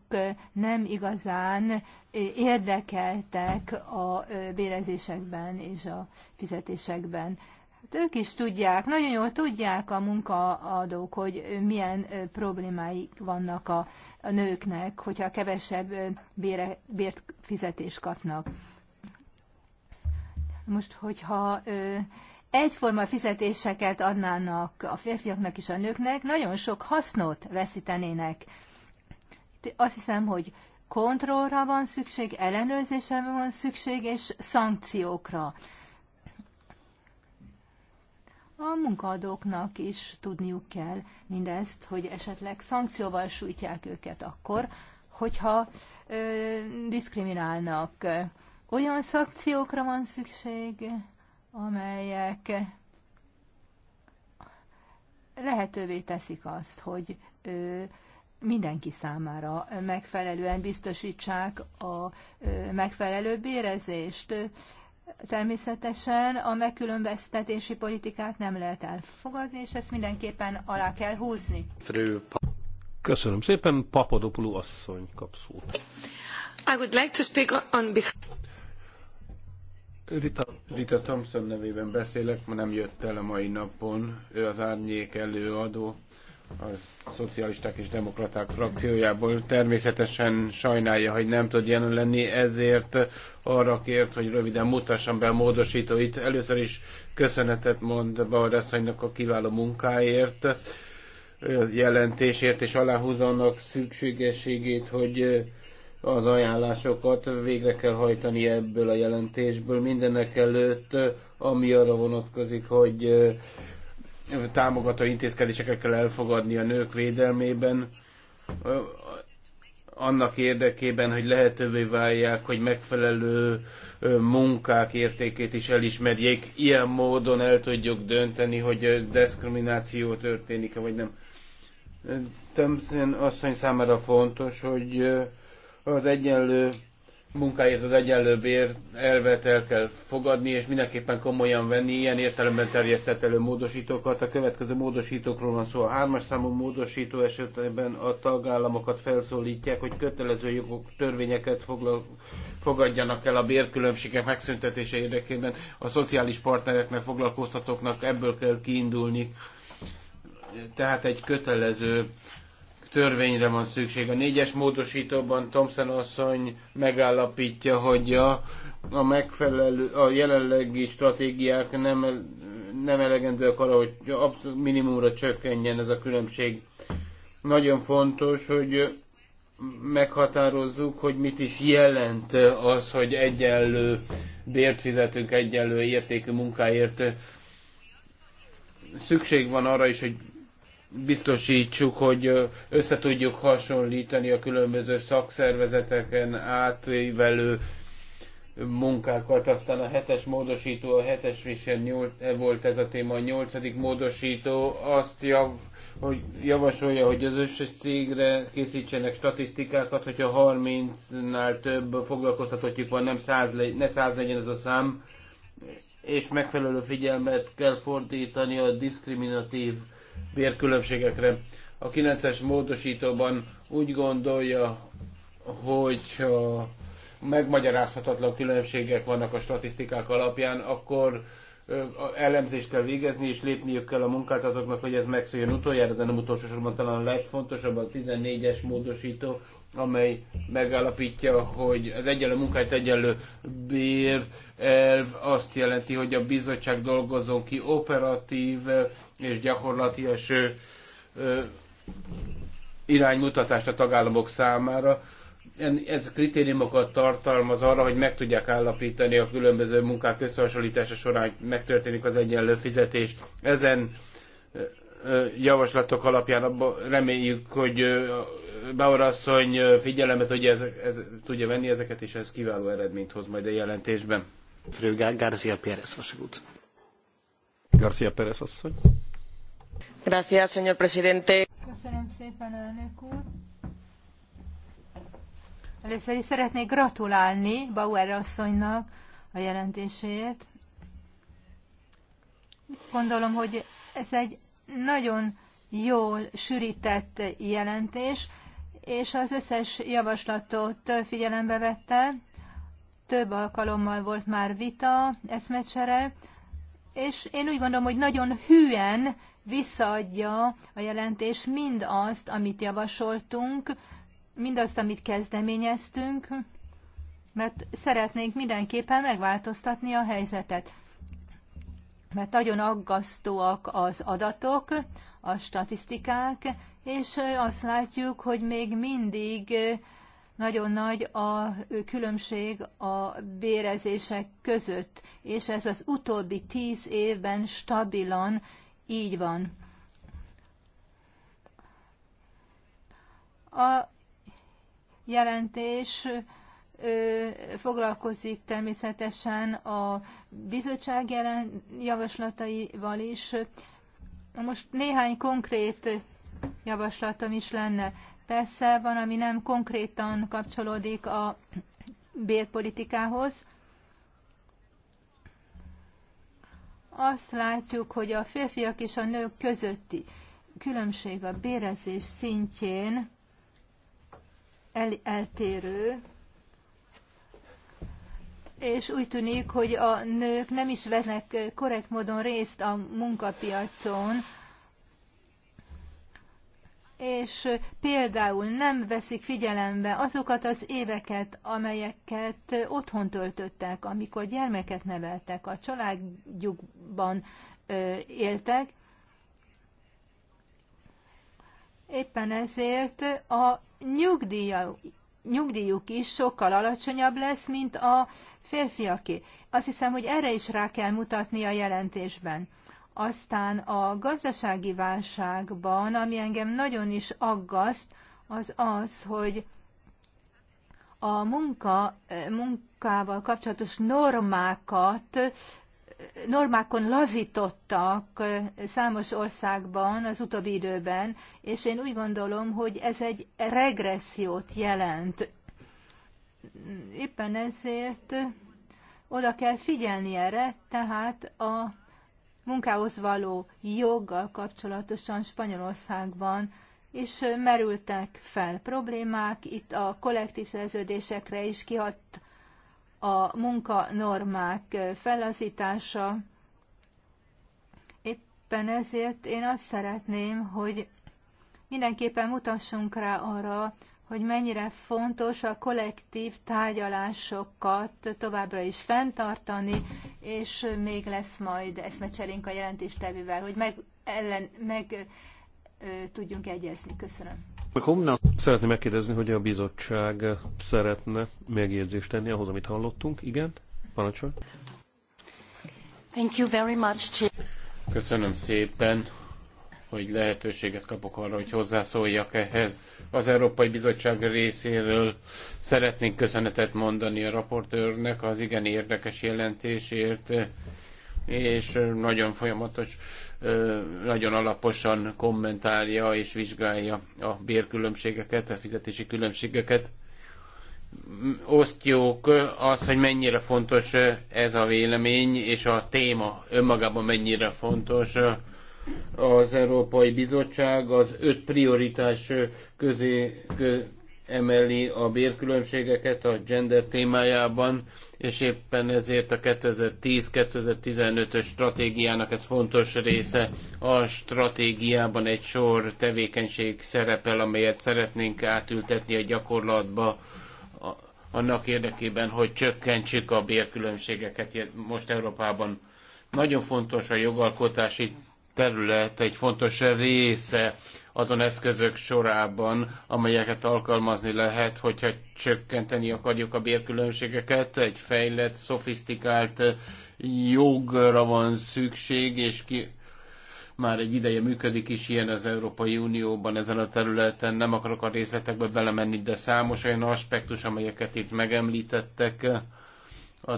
nem igazán érdekeltek a bérezésekben és a fizetésekben. Hát ők is tudják, nagyon jól tudják a munkaadók, hogy milyen problémáik vannak a, a nőknek, hogyha kevesebb bére, bért fizetést kapnak. Most, hogyha ö, egyforma fizetéseket adnának a férfiaknak és a nőknek, nagyon sok hasznot veszítenének. Azt hiszem, hogy kontrollra van szükség, ellenőrzésre van szükség, és szankciókra. A munkaadóknak is tudniuk kell mindezt, hogy esetleg szankcióval sújtják őket akkor, hogyha ö, diszkriminálnak. Olyan szankciókra van szükség, amelyek lehetővé teszik azt, hogy ö, mindenki számára megfelelően biztosítsák a megfelelő bérezést. Természetesen a megkülönböztetési politikát nem lehet elfogadni, és ezt mindenképpen alá kell húzni. Köszönöm szépen, Papadopoulou asszony kap szót. I would like to speak on Rita, Rita Thompson nevében beszélek, ma nem jött el a mai napon. Ő az árnyék előadó a szocialisták és demokraták frakciójából természetesen sajnálja, hogy nem tud jelen lenni, ezért arra kért, hogy röviden mutassam be a módosítóit. Először is köszönetet mond Baldasszonynak a kiváló munkáért, jelentésért, és aláhúzanak szükségességét, hogy az ajánlásokat végre kell hajtani ebből a jelentésből. Mindenek előtt, ami arra vonatkozik, hogy támogató intézkedéseket kell elfogadni a nők védelmében, annak érdekében, hogy lehetővé válják, hogy megfelelő munkák értékét is elismerjék. Ilyen módon el tudjuk dönteni, hogy diszkrimináció történik-e, vagy nem. Tömszen asszony számára fontos, hogy az egyenlő munkáért az egyenlő bér elvet el kell fogadni, és mindenképpen komolyan venni ilyen értelemben terjesztett elő módosítókat. A következő módosítókról van szó. A hármas számú módosító esetében a tagállamokat felszólítják, hogy kötelező jogok törvényeket foglal, fogadjanak el a bérkülönbségek megszüntetése érdekében. A szociális partnereknek, foglalkoztatóknak ebből kell kiindulni. Tehát egy kötelező törvényre van szükség. A négyes módosítóban Thompson asszony megállapítja, hogy a, a megfelelő, a jelenlegi stratégiák nem, nem elegendőek arra, hogy minimumra csökkenjen ez a különbség. Nagyon fontos, hogy meghatározzuk, hogy mit is jelent az, hogy egyenlő bért fizetünk, egyenlő értékű munkáért. Szükség van arra is, hogy biztosítsuk, hogy össze tudjuk hasonlítani a különböző szakszervezeteken átívelő munkákat. Aztán a hetes módosító, a hetes visel volt ez a téma, a nyolcadik módosító azt jav, hogy javasolja, hogy az összes cégre készítsenek statisztikákat, hogyha 30-nál több foglalkoztatottjuk van, nem 100, ne 100 legyen ez a szám, és megfelelő figyelmet kell fordítani a diszkriminatív bérkülönbségekre. A 9-es módosítóban úgy gondolja, hogy ha megmagyarázhatatlan különbségek vannak a statisztikák alapján, akkor elemzést kell végezni, és lépniük kell a munkáltatóknak, hogy ez megszűjön utoljára, de nem utolsó sorban talán a legfontosabb a 14-es módosító, amely megállapítja, hogy az egyenlő munkáját egyenlő bér elv azt jelenti, hogy a bizottság dolgozzon ki operatív és gyakorlatilag iránymutatást a tagállamok számára. Ez kritériumokat tartalmaz arra, hogy meg tudják állapítani a különböző munkák összehasonlítása során megtörténik az egyenlő fizetés. Ezen javaslatok alapján reméljük, hogy Bauer asszony figyelemet tudja, ez, ez, tudja venni ezeket, és ez kiváló eredményt hoz majd a jelentésben. García Pérez vasagút. García Pérez asszony. Gracias, señor presidente. Köszönöm szépen, elnök úr. Először is szeretnék gratulálni Bauer asszonynak a jelentéséért. Gondolom, hogy ez egy nagyon jól sűrített jelentés, és az összes javaslatot figyelembe vette, több alkalommal volt már vita, eszmecsere, és én úgy gondolom, hogy nagyon hűen visszaadja a jelentés mind azt, amit javasoltunk, mind azt, amit kezdeményeztünk, mert szeretnénk mindenképpen megváltoztatni a helyzetet. Mert nagyon aggasztóak az adatok, a statisztikák, és azt látjuk, hogy még mindig nagyon nagy a különbség a bérezések között, és ez az utóbbi tíz évben stabilan így van. A jelentés foglalkozik természetesen a bizottság jelen javaslataival is. Most néhány konkrét javaslatom is lenne. Persze van, ami nem konkrétan kapcsolódik a bérpolitikához. Azt látjuk, hogy a férfiak és a nők közötti különbség a bérezés szintjén el- eltérő, és úgy tűnik, hogy a nők nem is vesznek korrekt módon részt a munkapiacon, és például nem veszik figyelembe azokat az éveket, amelyeket otthon töltöttek, amikor gyermeket neveltek, a családjukban éltek. Éppen ezért a nyugdíja, nyugdíjuk is sokkal alacsonyabb lesz, mint a férfiaké. Azt hiszem, hogy erre is rá kell mutatni a jelentésben. Aztán a gazdasági válságban, ami engem nagyon is aggaszt, az az, hogy a munka, munkával kapcsolatos normákat, normákon lazítottak számos országban az utóbbi időben, és én úgy gondolom, hogy ez egy regressziót jelent. Éppen ezért oda kell figyelni erre, tehát a munkához való joggal kapcsolatosan Spanyolországban és merültek fel problémák, itt a kollektív szerződésekre is kihat a munkanormák fellazítása. Éppen ezért én azt szeretném, hogy mindenképpen mutassunk rá arra, hogy mennyire fontos a kollektív tárgyalásokat továbbra is fenntartani, és még lesz majd eszmecserénk a jelentéstevővel, hogy meg, ellen, meg ö, tudjunk egyezni. Köszönöm. Szeretném megkérdezni, hogy a bizottság szeretne megjegyzést tenni ahhoz, amit hallottunk. Igen? Parancsol. Thank you very much. Köszönöm szépen, hogy lehetőséget kapok arra, hogy hozzászóljak ehhez az Európai Bizottság részéről szeretnénk köszönetet mondani a raportőrnek az igen érdekes jelentésért, és nagyon folyamatos, nagyon alaposan kommentálja és vizsgálja a bérkülönbségeket, a fizetési különbségeket. Osztjuk azt, hogy mennyire fontos ez a vélemény, és a téma önmagában mennyire fontos az Európai Bizottság az öt prioritás közé kö, emeli a bérkülönbségeket a gender témájában, és éppen ezért a 2010-2015-ös stratégiának ez fontos része. A stratégiában egy sor tevékenység szerepel, amelyet szeretnénk átültetni a gyakorlatba annak érdekében, hogy csökkentsük a bérkülönbségeket most Európában. Nagyon fontos a jogalkotási terület egy fontos része azon eszközök sorában, amelyeket alkalmazni lehet, hogyha csökkenteni akarjuk a bérkülönbségeket. Egy fejlett, szofisztikált jogra van szükség, és ki, már egy ideje működik is ilyen az Európai Unióban ezen a területen. Nem akarok a részletekbe belemenni, de számos olyan aspektus, amelyeket itt megemlítettek, a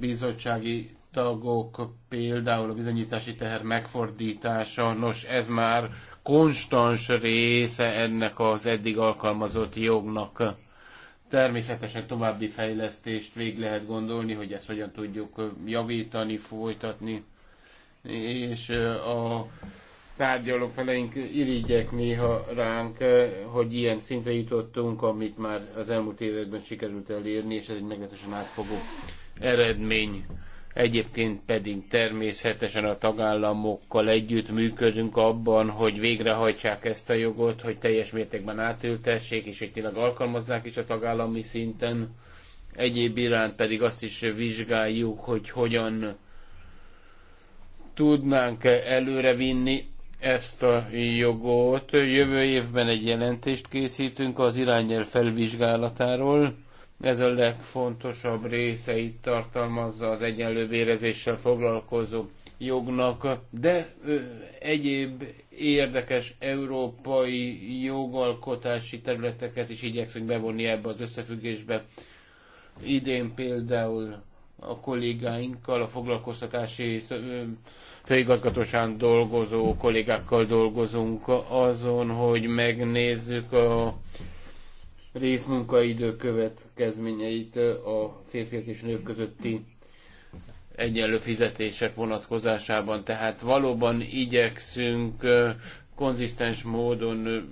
bizottsági tagok, például a bizonyítási teher megfordítása, nos ez már konstans része ennek az eddig alkalmazott jognak. Természetesen további fejlesztést végig lehet gondolni, hogy ezt hogyan tudjuk javítani, folytatni, és a tárgyaló feleink irigyek néha ránk, hogy ilyen szintre jutottunk, amit már az elmúlt években sikerült elérni, és ez egy meglehetősen átfogó eredmény. Egyébként pedig természetesen a tagállamokkal együtt működünk abban, hogy végrehajtsák ezt a jogot, hogy teljes mértékben átültessék, és hogy tényleg alkalmazzák is a tagállami szinten. Egyéb iránt pedig azt is vizsgáljuk, hogy hogyan tudnánk előrevinni ezt a jogot. Jövő évben egy jelentést készítünk az irányel felvizsgálatáról ez a legfontosabb itt tartalmazza az egyenlő bérezéssel foglalkozó jognak, de ö, egyéb érdekes európai jogalkotási területeket is igyekszünk bevonni ebbe az összefüggésbe. Idén például a kollégáinkkal, a foglalkoztatási főigazgatósán dolgozó kollégákkal dolgozunk azon, hogy megnézzük a részmunkaidő következményeit a férfiak és nők közötti egyenlő fizetések vonatkozásában. Tehát valóban igyekszünk konzisztens módon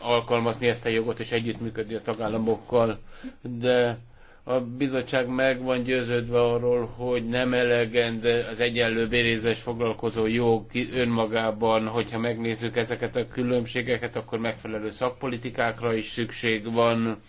alkalmazni ezt a jogot és együttműködni a tagállamokkal, de a bizottság meg van győződve arról, hogy nem elegendő az egyenlő bérézés foglalkozó jog önmagában, hogyha megnézzük ezeket a különbségeket, akkor megfelelő szakpolitikákra is szükség van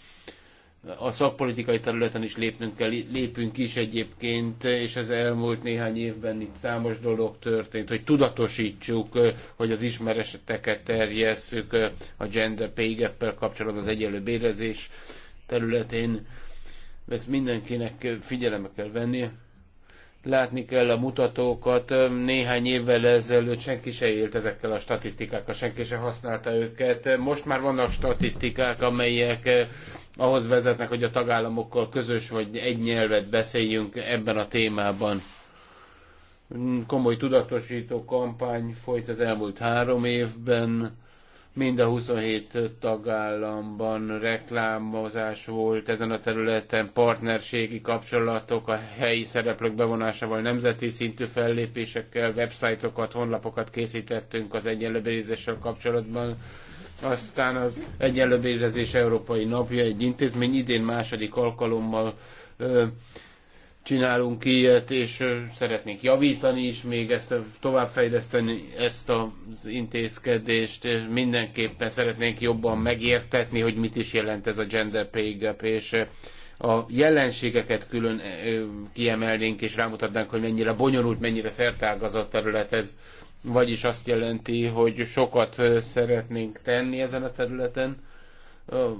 a szakpolitikai területen is lépnünk kell, lépünk is egyébként, és ez elmúlt néhány évben itt számos dolog történt, hogy tudatosítsuk, hogy az ismereseteket terjesszük a gender pay gap kapcsolatban az egyenlő bérezés területén. Ezt mindenkinek figyelembe kell venni. Látni kell a mutatókat. Néhány évvel ezelőtt senki se élt ezekkel a statisztikákkal, senki se használta őket. Most már vannak statisztikák, amelyek eh, ahhoz vezetnek, hogy a tagállamokkal közös vagy egy nyelvet beszéljünk ebben a témában komoly tudatosító kampány folyt az elmúlt három évben, mind a 27 tagállamban reklámozás volt ezen a területen, partnerségi kapcsolatok a helyi szereplők bevonásával, nemzeti szintű fellépésekkel, websájtokat, honlapokat készítettünk az egyenlőbérzéssel kapcsolatban. Aztán az Egyenlőbérzés Európai Napja egy intézmény idén második alkalommal ö, csinálunk ilyet, és szeretnénk javítani is még ezt, továbbfejleszteni ezt az intézkedést, és mindenképpen szeretnénk jobban megértetni, hogy mit is jelent ez a gender pay gap, és a jelenségeket külön kiemelnénk, és rámutatnánk, hogy mennyire bonyolult, mennyire szertágazott terület ez, vagyis azt jelenti, hogy sokat szeretnénk tenni ezen a területen,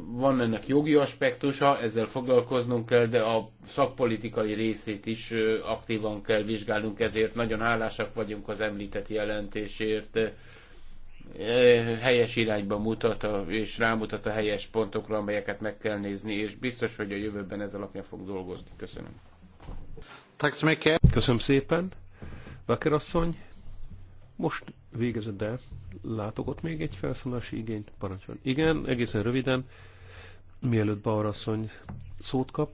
van ennek jogi aspektusa, ezzel foglalkoznunk kell, de a szakpolitikai részét is aktívan kell vizsgálnunk, ezért nagyon hálásak vagyunk az említett jelentésért. Helyes irányba mutat, és rámutat a helyes pontokra, amelyeket meg kell nézni, és biztos, hogy a jövőben ez alapján fog dolgozni. Köszönöm. Köszönöm szépen. Vakerasszony. asszony, most de látok ott még egy felszólási igényt, parancsoljon. Igen, egészen röviden, mielőtt Baurasszony szót kap,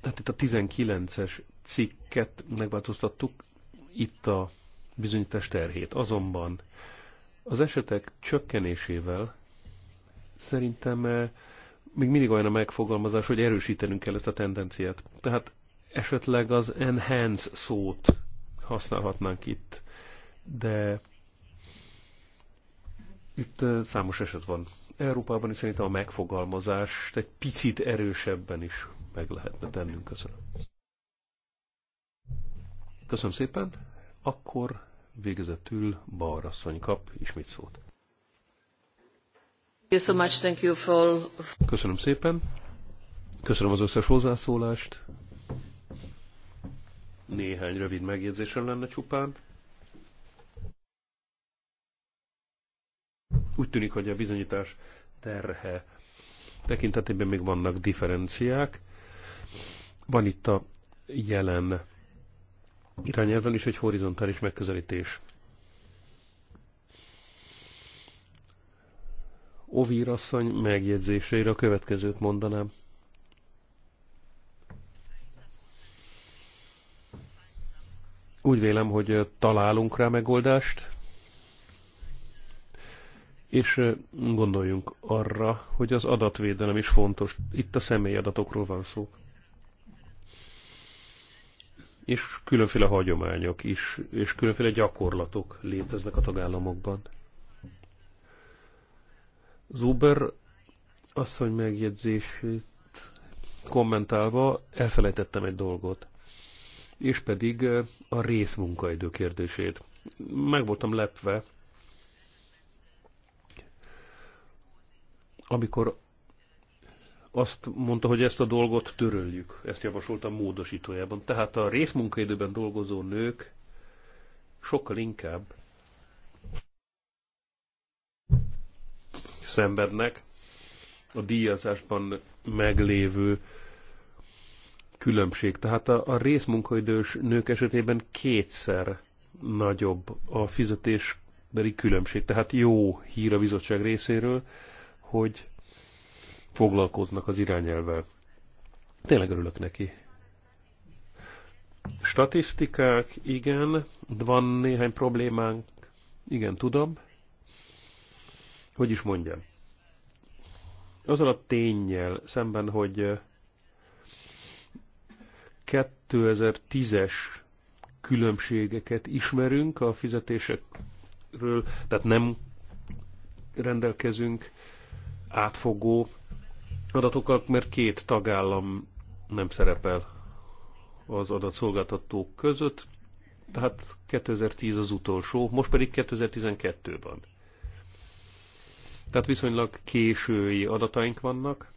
tehát itt a 19-es cikket megváltoztattuk, itt a bizonyítás terhét. Azonban az esetek csökkenésével szerintem eh, még mindig olyan a megfogalmazás, hogy erősítenünk kell ezt a tendenciát. Tehát esetleg az enhance szót használhatnánk itt de itt számos eset van. Európában is szerintem a megfogalmazást egy picit erősebben is meg lehetne tennünk. Köszönöm. Köszönöm szépen. Akkor végezetül Balrasszony kap ismét szót. Köszönöm szépen. Köszönöm az összes hozzászólást. Néhány rövid megjegyzésem lenne csupán. Úgy tűnik, hogy a bizonyítás terhe tekintetében még vannak differenciák. Van itt a jelen irányelven is egy horizontális megközelítés. Ovír asszony megjegyzéseire a következőt mondanám. Úgy vélem, hogy találunk rá megoldást, és gondoljunk arra, hogy az adatvédelem is fontos. Itt a személyadatokról van szó. És különféle hagyományok is, és különféle gyakorlatok léteznek a tagállamokban. Zuber asszony megjegyzését kommentálva elfelejtettem egy dolgot, és pedig a részmunkaidő kérdését. Meg voltam lepve, amikor azt mondta, hogy ezt a dolgot töröljük. Ezt javasolta a módosítójában. Tehát a részmunkaidőben dolgozó nők sokkal inkább szenvednek a díjazásban meglévő különbség. Tehát a, a részmunkaidős nők esetében kétszer nagyobb a fizetésbeli különbség. Tehát jó hír a bizottság részéről, hogy foglalkoznak az irányelvel. Tényleg örülök neki. Statisztikák, igen, van néhány problémánk, igen, tudom. Hogy is mondjam? Azzal a tényjel szemben, hogy 2010-es eh, különbségeket ismerünk a fizetésekről, tehát nem rendelkezünk átfogó adatokat, mert két tagállam nem szerepel az adatszolgáltatók között, tehát 2010 az utolsó, most pedig 2012 van. Tehát viszonylag késői adataink vannak.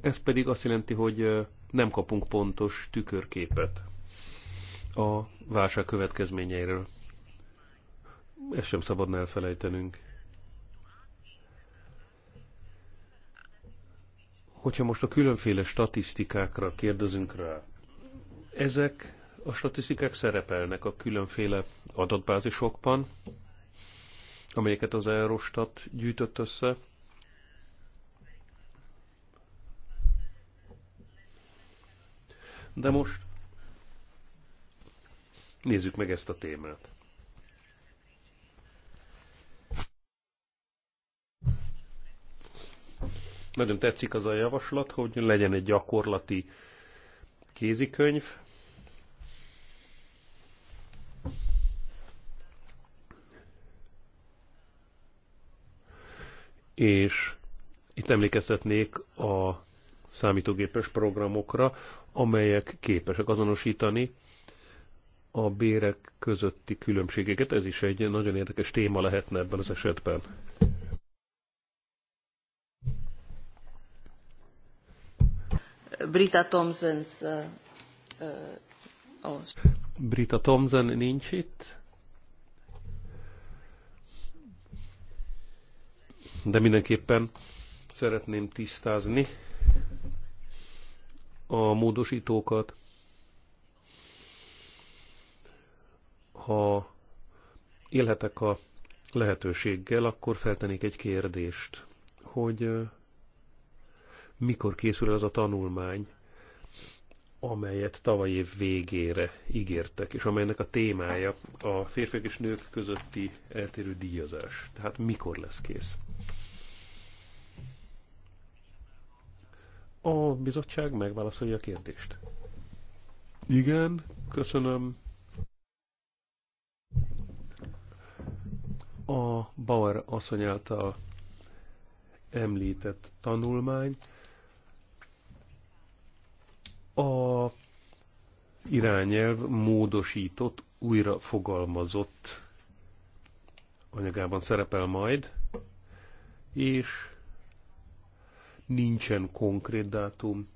Ez pedig azt jelenti, hogy nem kapunk pontos tükörképet a válság következményeiről. Ezt sem szabadna elfelejtenünk. Hogyha most a különféle statisztikákra kérdezünk rá, ezek a statisztikák szerepelnek a különféle adatbázisokban, amelyeket az Eurostat gyűjtött össze. De most nézzük meg ezt a témát. Nagyon tetszik az a javaslat, hogy legyen egy gyakorlati kézikönyv. És itt emlékeztetnék a számítógépes programokra, amelyek képesek azonosítani a bérek közötti különbségeket. Ez is egy nagyon érdekes téma lehetne ebben az esetben. Brita Thompson's... Uh, uh, oh. Brita Thompson nincs itt. De mindenképpen szeretném tisztázni a módosítókat. Ha élhetek a lehetőséggel, akkor feltenék egy kérdést, hogy uh, mikor készül az a tanulmány, amelyet tavaly év végére ígértek, és amelynek a témája a férfiak és nők közötti eltérő díjazás. Tehát mikor lesz kész? A bizottság megválaszolja a kérdést. Igen, köszönöm. A Bauer asszony által említett tanulmány a irányelv módosított, újra fogalmazott anyagában szerepel majd, és nincsen konkrét dátum,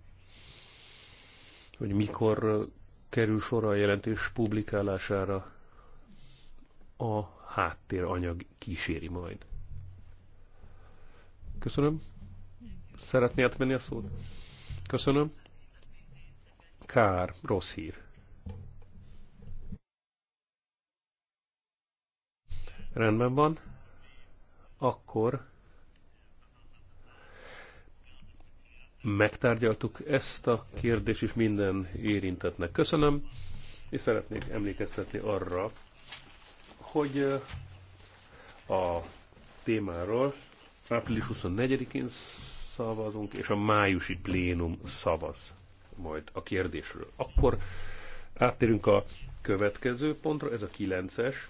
hogy mikor kerül sor a jelentés publikálására, a háttéranyag kíséri majd. Köszönöm. Szeretnél átvenni a szót? Köszönöm kár, rossz hír. Rendben van. Akkor megtárgyaltuk ezt a kérdést is minden érintetnek. Köszönöm, és szeretnék emlékeztetni arra, hogy a témáról április 24-én szavazunk, és a májusi plénum szavaz majd a kérdésről. Akkor áttérünk a következő pontra, ez a kilences.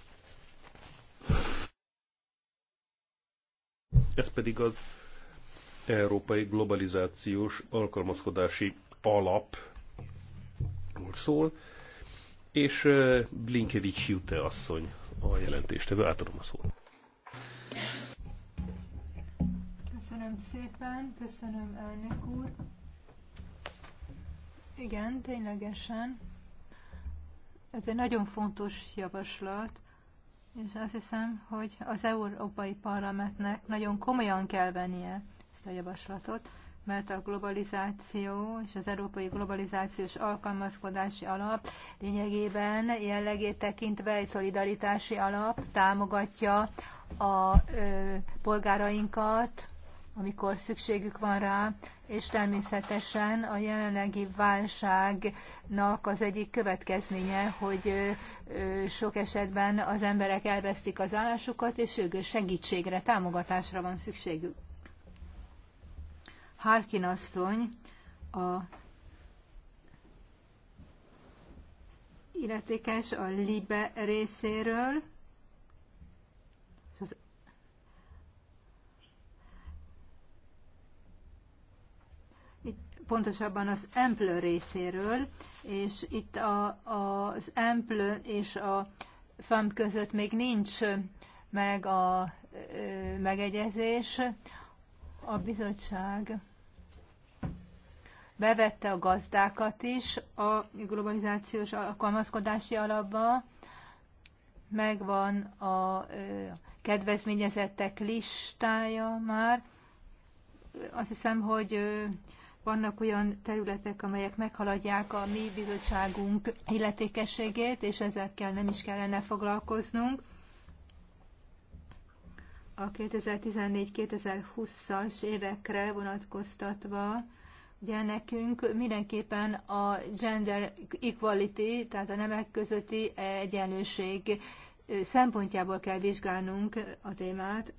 Ez pedig az Európai Globalizációs Alkalmazkodási Alap szól, és Blinkevics Jute asszony a jelentéstevő, átadom a szót. Köszönöm szépen, köszönöm elnök úr. Igen, ténylegesen. Ez egy nagyon fontos javaslat, és azt hiszem, hogy az Európai Parlamentnek nagyon komolyan kell vennie ezt a javaslatot, mert a globalizáció és az európai globalizációs alkalmazkodási alap lényegében jellegét tekintve egy szolidaritási alap támogatja a ö, polgárainkat, amikor szükségük van rá, és természetesen a jelenlegi válságnak az egyik következménye, hogy sok esetben az emberek elvesztik az állásukat, és ők segítségre, támogatásra van szükségük. Harkin asszony a illetékes a LIBE részéről, pontosabban az Emplő részéről, és itt a, a, az Emplő és a FAM között még nincs meg a ö, megegyezés. A bizottság bevette a gazdákat is a globalizációs alkalmazkodási alapba, megvan a ö, kedvezményezettek listája már. Azt hiszem, hogy vannak olyan területek, amelyek meghaladják a mi bizottságunk illetékességét, és ezekkel nem is kellene foglalkoznunk. A 2014-2020-as évekre vonatkoztatva Ugye nekünk mindenképpen a gender equality, tehát a nemek közötti egyenlőség szempontjából kell vizsgálnunk a témát.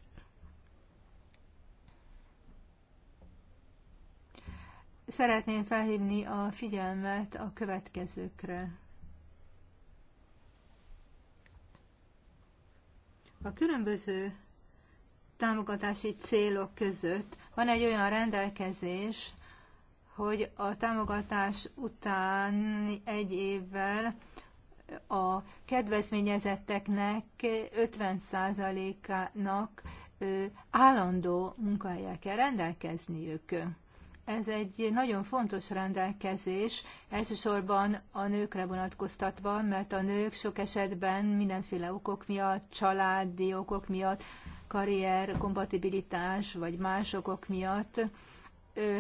Szeretném felhívni a figyelmet a következőkre. A különböző támogatási célok között van egy olyan rendelkezés, hogy a támogatás után egy évvel a kedvezményezetteknek 50%-ának állandó munkahelyekkel rendelkezniük. Ez egy nagyon fontos rendelkezés, elsősorban a nőkre vonatkoztatva, mert a nők sok esetben mindenféle okok miatt, családi okok miatt, karrier, kompatibilitás vagy más okok miatt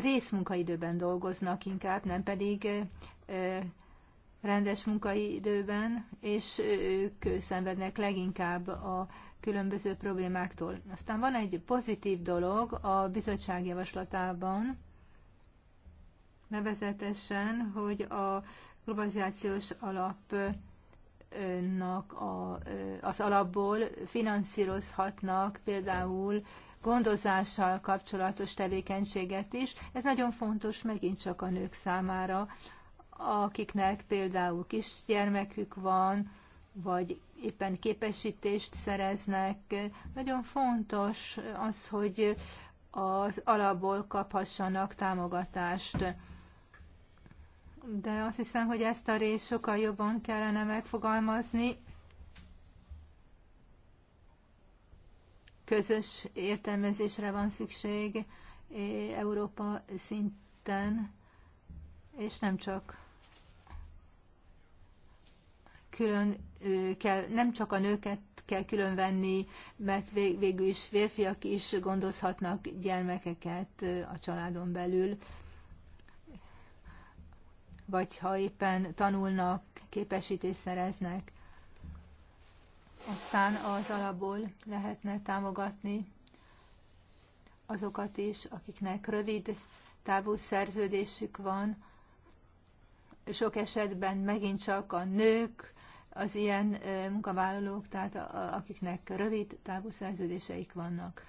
részmunkaidőben dolgoznak inkább, nem pedig rendes munkaidőben, és ők szenvednek leginkább a különböző problémáktól. Aztán van egy pozitív dolog a bizottság javaslatában, nevezetesen, hogy a globalizációs alapnak a, az alapból finanszírozhatnak például gondozással kapcsolatos tevékenységet is. Ez nagyon fontos megint csak a nők számára, akiknek például kisgyermekük van, vagy éppen képesítést szereznek. Nagyon fontos az, hogy az alapból kaphassanak támogatást de azt hiszem, hogy ezt a részt sokkal jobban kellene megfogalmazni. Közös értelmezésre van szükség Európa szinten, és nem csak külön kell, nem csak a nőket kell külön venni, mert végül is férfiak is gondozhatnak gyermekeket a családon belül vagy ha éppen tanulnak, képesítést szereznek. Aztán az alapból lehetne támogatni azokat is, akiknek rövid távú szerződésük van. Sok esetben megint csak a nők, az ilyen munkavállalók, tehát akiknek rövid távú szerződéseik vannak.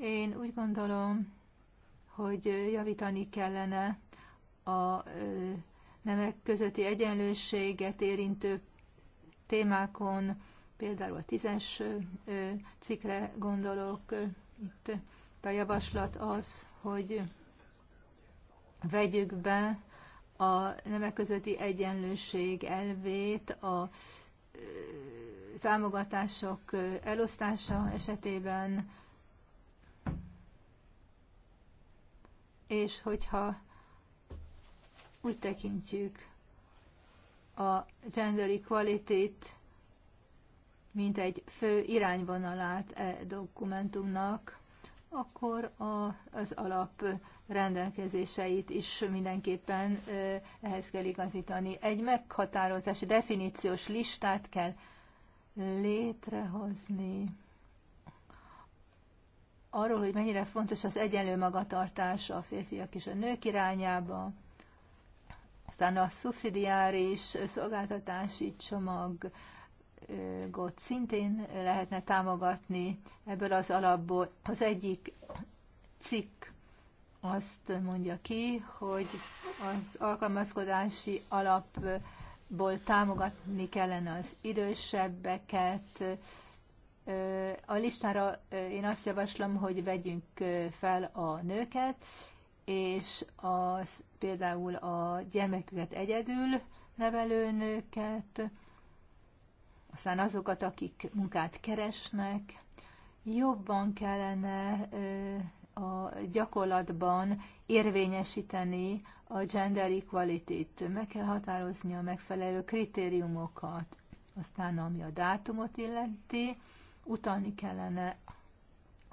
Én úgy gondolom, hogy javítani kellene a nemek közötti egyenlőséget érintő témákon, például a tízes cikre gondolok, itt a javaslat az, hogy vegyük be a nemek közötti egyenlőség elvét a támogatások elosztása esetében, és hogyha úgy tekintjük a gender equality mint egy fő irányvonalát e dokumentumnak, akkor a, az alap rendelkezéseit is mindenképpen e, ehhez kell igazítani. Egy meghatározási definíciós listát kell létrehozni arról, hogy mennyire fontos az egyenlő magatartás a férfiak és a nők irányába. Aztán a szubszidiáris szolgáltatási csomagot szintén lehetne támogatni ebből az alapból. Az egyik cikk azt mondja ki, hogy az alkalmazkodási alapból támogatni kellene az idősebbeket. A listára én azt javaslom, hogy vegyünk fel a nőket, és az, például a gyermeküket egyedül nevelő nőket, aztán azokat, akik munkát keresnek, jobban kellene a gyakorlatban érvényesíteni a gender equality-t. Meg kell határozni a megfelelő kritériumokat. Aztán, ami a dátumot illeti, utalni kellene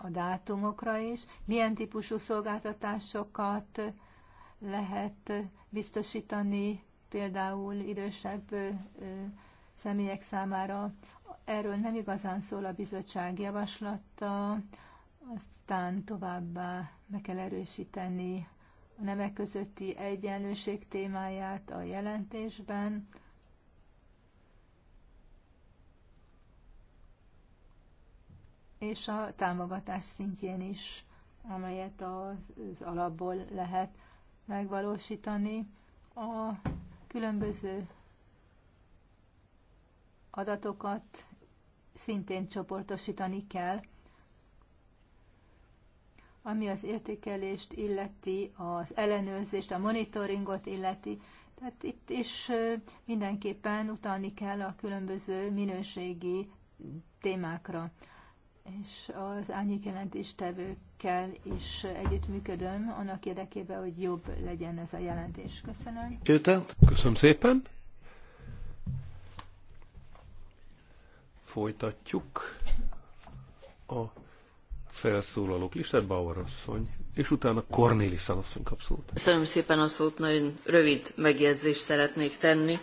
a dátumokra is, milyen típusú szolgáltatásokat lehet biztosítani például idősebb személyek számára. Erről nem igazán szól a bizottság javaslata, aztán továbbá meg kell erősíteni a nemek közötti egyenlőség témáját a jelentésben. és a támogatás szintjén is, amelyet az alapból lehet megvalósítani. A különböző adatokat szintén csoportosítani kell, ami az értékelést illeti, az ellenőrzést, a monitoringot illeti. Tehát itt is mindenképpen utalni kell a különböző minőségi témákra és az árnyékjelentéstevőkkel is együttműködöm, annak érdekében, hogy jobb legyen ez a jelentés. Köszönöm. Köszönöm, Köszönöm szépen. Folytatjuk a felszólalók listát, Bauer asszony, és utána Cornélis asszony kap szót. Köszönöm szépen a szót, nagyon rövid megjegyzést szeretnék tenni.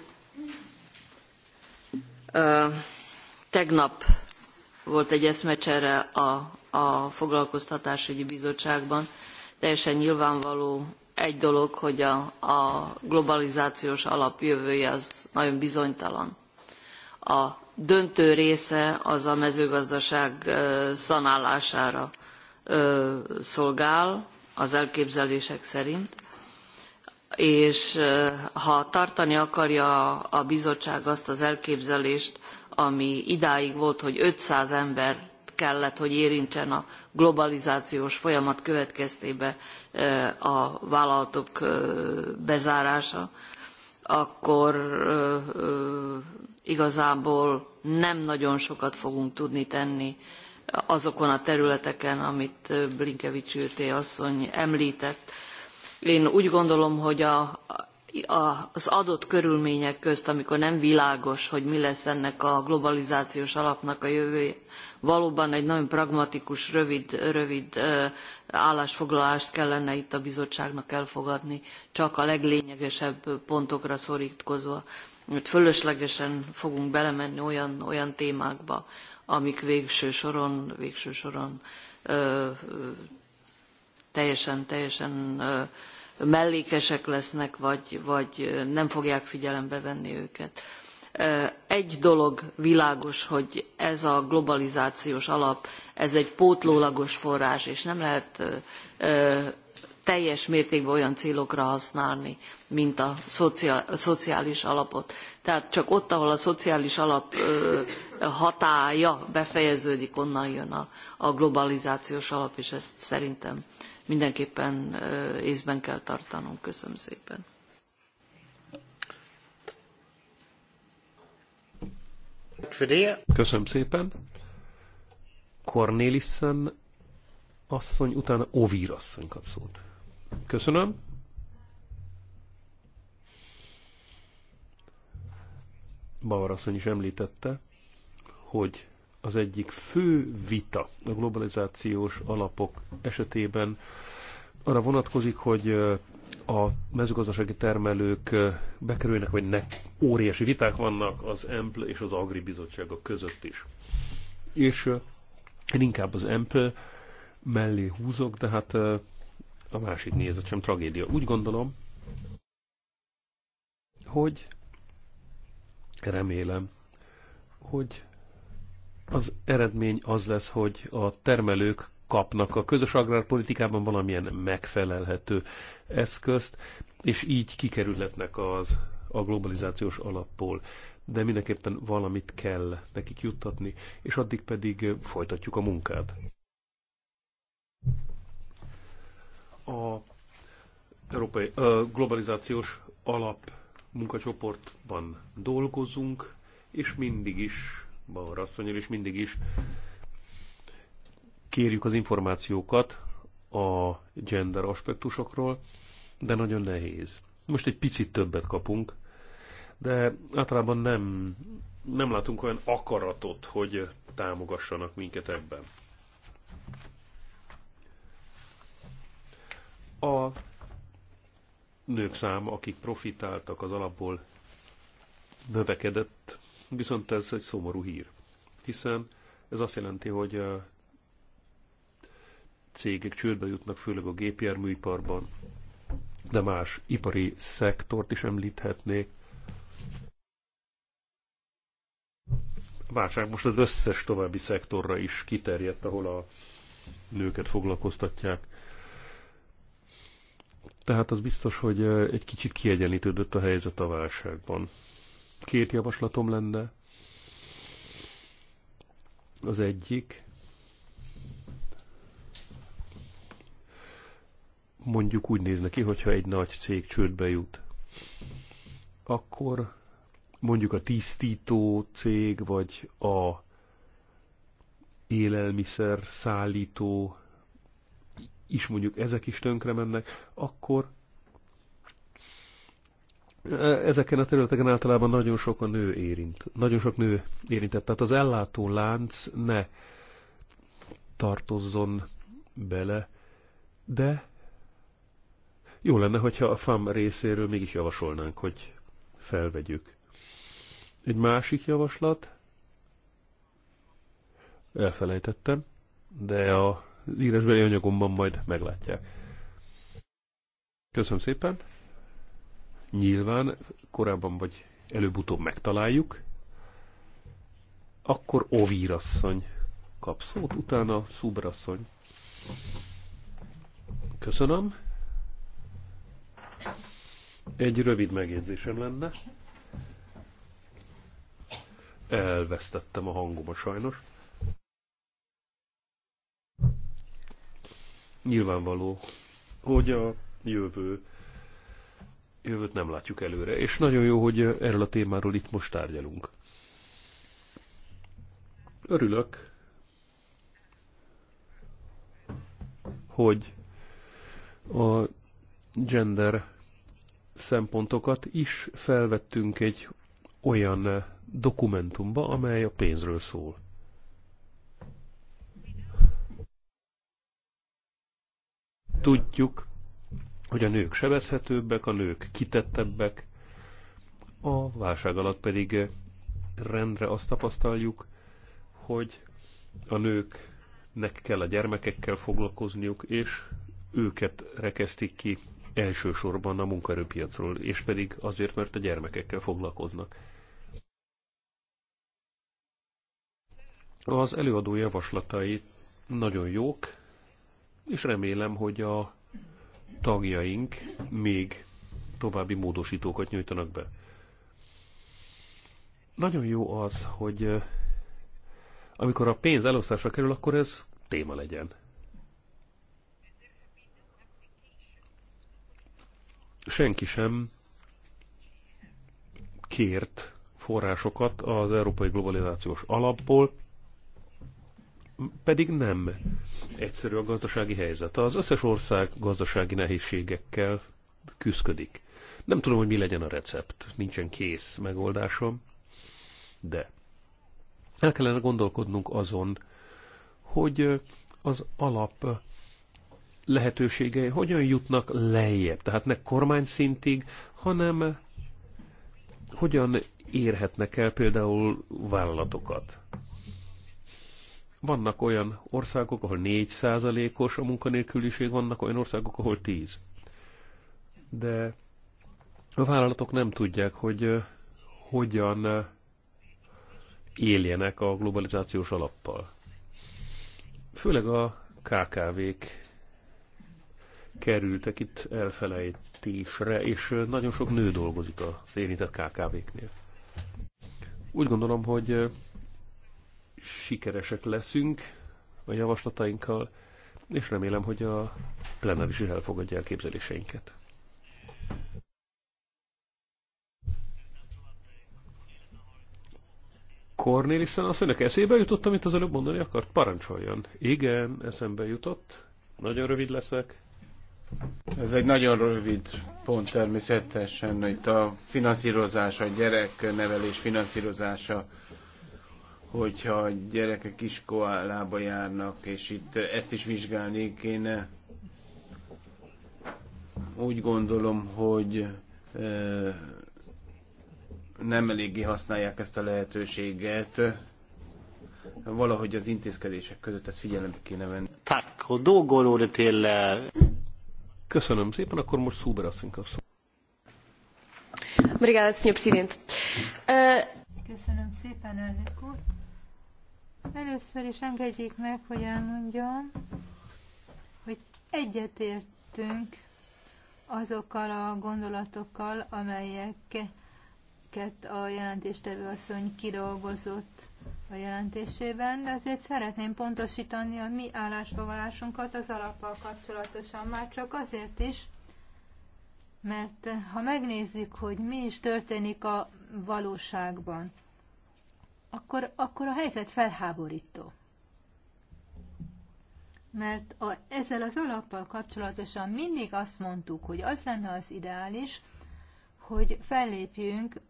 Uh, tegnap volt egy eszmecsere a, a foglalkoztatásügyi bizottságban. Teljesen nyilvánvaló egy dolog, hogy a, a globalizációs alap jövője az nagyon bizonytalan. A döntő része az a mezőgazdaság szanálására szolgál, az elképzelések szerint, és ha tartani akarja a bizottság azt az elképzelést, ami idáig volt, hogy 500 ember kellett, hogy érintsen a globalizációs folyamat következtében eh, a vállalatok eh, bezárása, akkor eh, igazából nem nagyon sokat fogunk tudni tenni azokon a területeken, amit Blinkevics Jőté asszony említett. Én úgy gondolom, hogy a, az adott körülmények közt, amikor nem világos, hogy mi lesz ennek a globalizációs alapnak a jövője, valóban egy nagyon pragmatikus, rövid, rövid állásfoglalást kellene itt a bizottságnak elfogadni, csak a leglényegesebb pontokra szorítkozva. Mert fölöslegesen fogunk belemenni olyan, olyan témákba, amik végső soron, végső soron ö, ö, teljesen, teljesen ö, mellékesek lesznek, vagy, vagy nem fogják figyelembe venni őket. Egy dolog világos, hogy ez a globalizációs alap, ez egy pótlólagos forrás, és nem lehet teljes mértékben olyan célokra használni, mint a szociális alapot. Tehát csak ott, ahol a szociális alap hatálya befejeződik, onnan jön a globalizációs alap, és ezt szerintem mindenképpen észben kell tartanunk. Köszönöm szépen. Köszönöm szépen. Cornelissen asszony, utána Ovír asszony kap szót. Köszönöm. Bauer asszony is említette, hogy az egyik fő vita a globalizációs alapok esetében arra vonatkozik, hogy a mezőgazdasági termelők bekerülnek, vagy ne. Óriási viták vannak az EMPL és az Agri bizottságok között is. És én inkább az EMPL mellé húzok, de hát a másik nézet sem tragédia. Úgy gondolom, hogy remélem, hogy az eredmény az lesz, hogy a termelők kapnak a közös agrárpolitikában valamilyen megfelelhető eszközt, és így kikerülhetnek az, a globalizációs alapból. De mindenképpen valamit kell nekik juttatni, és addig pedig folytatjuk a munkát. A Európai a globalizációs alap munkacsoportban dolgozunk, és mindig is Bauer asszonyjal, és mindig is kérjük az információkat a gender aspektusokról, de nagyon nehéz. Most egy picit többet kapunk, de általában nem, nem látunk olyan akaratot, hogy támogassanak minket ebben. A nők száma, akik profitáltak az alapból, növekedett Viszont ez egy szomorú hír, hiszen ez azt jelenti, hogy a cégek csődbe jutnak, főleg a gépjárműiparban, de más ipari szektort is említhetnék. A válság most az összes további szektorra is kiterjedt, ahol a nőket foglalkoztatják. Tehát az biztos, hogy egy kicsit kiegyenlítődött a helyzet a válságban. Két javaslatom lenne. Az egyik, mondjuk úgy néz neki, hogyha egy nagy cég csődbe jut, akkor mondjuk a tisztító cég, vagy a élelmiszer szállító is mondjuk ezek is tönkre mennek, akkor ezeken a területeken általában nagyon sok a nő érint. Nagyon sok nő érintett. Tehát az ellátó lánc ne tartozzon bele, de jó lenne, hogyha a FAM részéről mégis javasolnánk, hogy felvegyük. Egy másik javaslat, elfelejtettem, de az írásbeli anyagomban majd meglátják. Köszönöm szépen! nyilván korábban vagy előbb-utóbb megtaláljuk. Akkor Ovírasszony kap szót, utána Szubrasszony. Köszönöm. Egy rövid megjegyzésem lenne. Elvesztettem a hangomat sajnos. Nyilvánvaló, hogy a jövő jövőt nem látjuk előre. És nagyon jó, hogy erről a témáról itt most tárgyalunk. Örülök, hogy a gender szempontokat is felvettünk egy olyan dokumentumba, amely a pénzről szól. Tudjuk, hogy a nők sebezhetőbbek, a nők kitettebbek, a válság alatt pedig rendre azt tapasztaljuk, hogy a nőknek kell a gyermekekkel foglalkozniuk, és őket rekesztik ki elsősorban a munkaerőpiacról, és pedig azért, mert a gyermekekkel foglalkoznak. Az előadó javaslatai nagyon jók, és remélem, hogy a tagjaink még további módosítókat nyújtanak be. Nagyon jó az, hogy amikor a pénz elosztásra kerül, akkor ez téma legyen. Senki sem kért forrásokat az Európai Globalizációs Alapból, pedig nem egyszerű a gazdasági helyzet. Az összes ország gazdasági nehézségekkel küzdik. Nem tudom, hogy mi legyen a recept, nincsen kész megoldásom, de el kellene gondolkodnunk azon, hogy az alap lehetőségei hogyan jutnak lejjebb, tehát ne kormány szintig, hanem hogyan érhetnek el például vállalatokat. Vannak olyan országok, ahol 4%-os a munkanélküliség, vannak olyan országok, ahol 10. De a vállalatok nem tudják, hogy hogyan éljenek a globalizációs alappal. Főleg a KKV-k kerültek itt elfelejtésre, és nagyon sok nő dolgozik az érintett KKV-knél. Úgy gondolom, hogy sikeresek leszünk a javaslatainkkal, és remélem, hogy a plenáris is elfogadja képzeléseinket. Cornélisztán azt önök eszébe jutott, amit az előbb mondani akart? Parancsoljon. Igen, eszembe jutott. Nagyon rövid leszek. Ez egy nagyon rövid pont természetesen. Itt a finanszírozása, a gyerek nevelés finanszírozása hogyha a gyerekek iskolába járnak, és itt ezt is vizsgálni kéne. Úgy gondolom, hogy nem eléggé használják ezt a lehetőséget. Valahogy az intézkedések között ezt figyelembe kéne venni. Tak, a dolgolóra tényleg. Köszönöm szépen, akkor most Szuber asszony kapszol. Köszönöm szépen, elnök úr. Először is engedjék meg, hogy elmondjam, hogy egyetértünk azokkal a gondolatokkal, amelyeket a jelentéstevő asszony kidolgozott a jelentésében, de azért szeretném pontosítani a mi állásfoglalásunkat az alappal kapcsolatosan már csak azért is, mert ha megnézzük, hogy mi is történik a valóságban, akkor, akkor a helyzet felháborító. Mert a, ezzel az alappal kapcsolatosan mindig azt mondtuk, hogy az lenne az ideális, hogy fellépjünk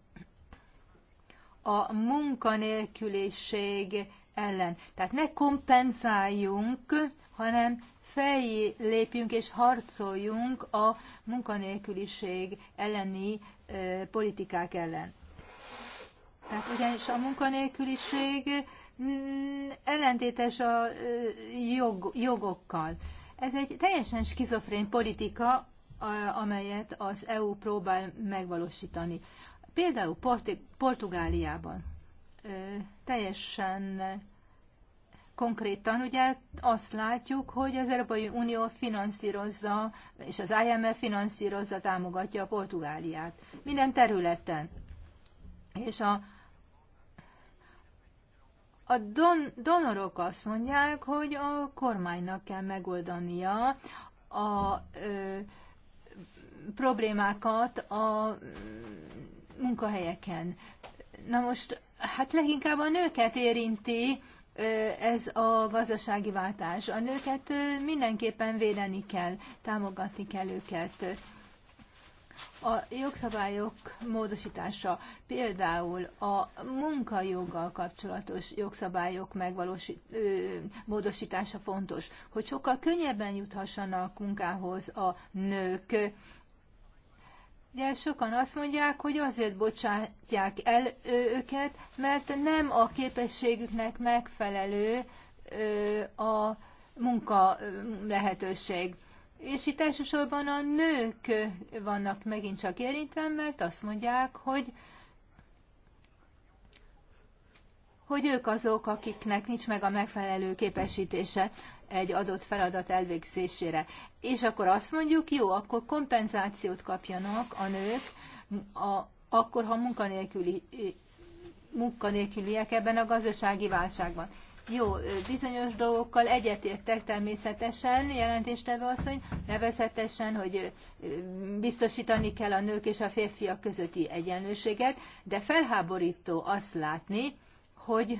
a munkanélküliség ellen. Tehát ne kompenzáljunk, hanem feljé lépjünk és harcoljunk a munkanélküliség elleni ö, politikák ellen. Tehát ugyanis a munkanélküliség mm, ellentétes a jog, jogokkal. Ez egy teljesen skizofrén politika, amelyet az EU próbál megvalósítani. Például Porti- Portugáliában teljesen konkrétan ugye azt látjuk, hogy az Európai Unió finanszírozza, és az IMF finanszírozza, támogatja a Portugáliát minden területen. És a a don- donorok azt mondják, hogy a kormánynak kell megoldania a ö, problémákat a munkahelyeken. Na most, hát leginkább a nőket érinti ez a gazdasági váltás. A nőket mindenképpen védeni kell, támogatni kell őket a jogszabályok módosítása, például a munkajoggal kapcsolatos jogszabályok módosítása fontos, hogy sokkal könnyebben juthassanak munkához a nők. De sokan azt mondják, hogy azért bocsátják el őket, mert nem a képességüknek megfelelő a munka lehetőség és itt elsősorban a nők vannak megint csak érintve, mert azt mondják, hogy hogy ők azok, akiknek nincs meg a megfelelő képesítése egy adott feladat elvégzésére. És akkor azt mondjuk, jó, akkor kompenzációt kapjanak a nők, a, akkor, ha munkanélküli, munkanélküliek ebben a gazdasági válságban. Jó, bizonyos dolgokkal egyetértek természetesen, jelentéstevő asszony, nevezetesen, hogy biztosítani kell a nők és a férfiak közötti egyenlőséget, de felháborító azt látni, hogy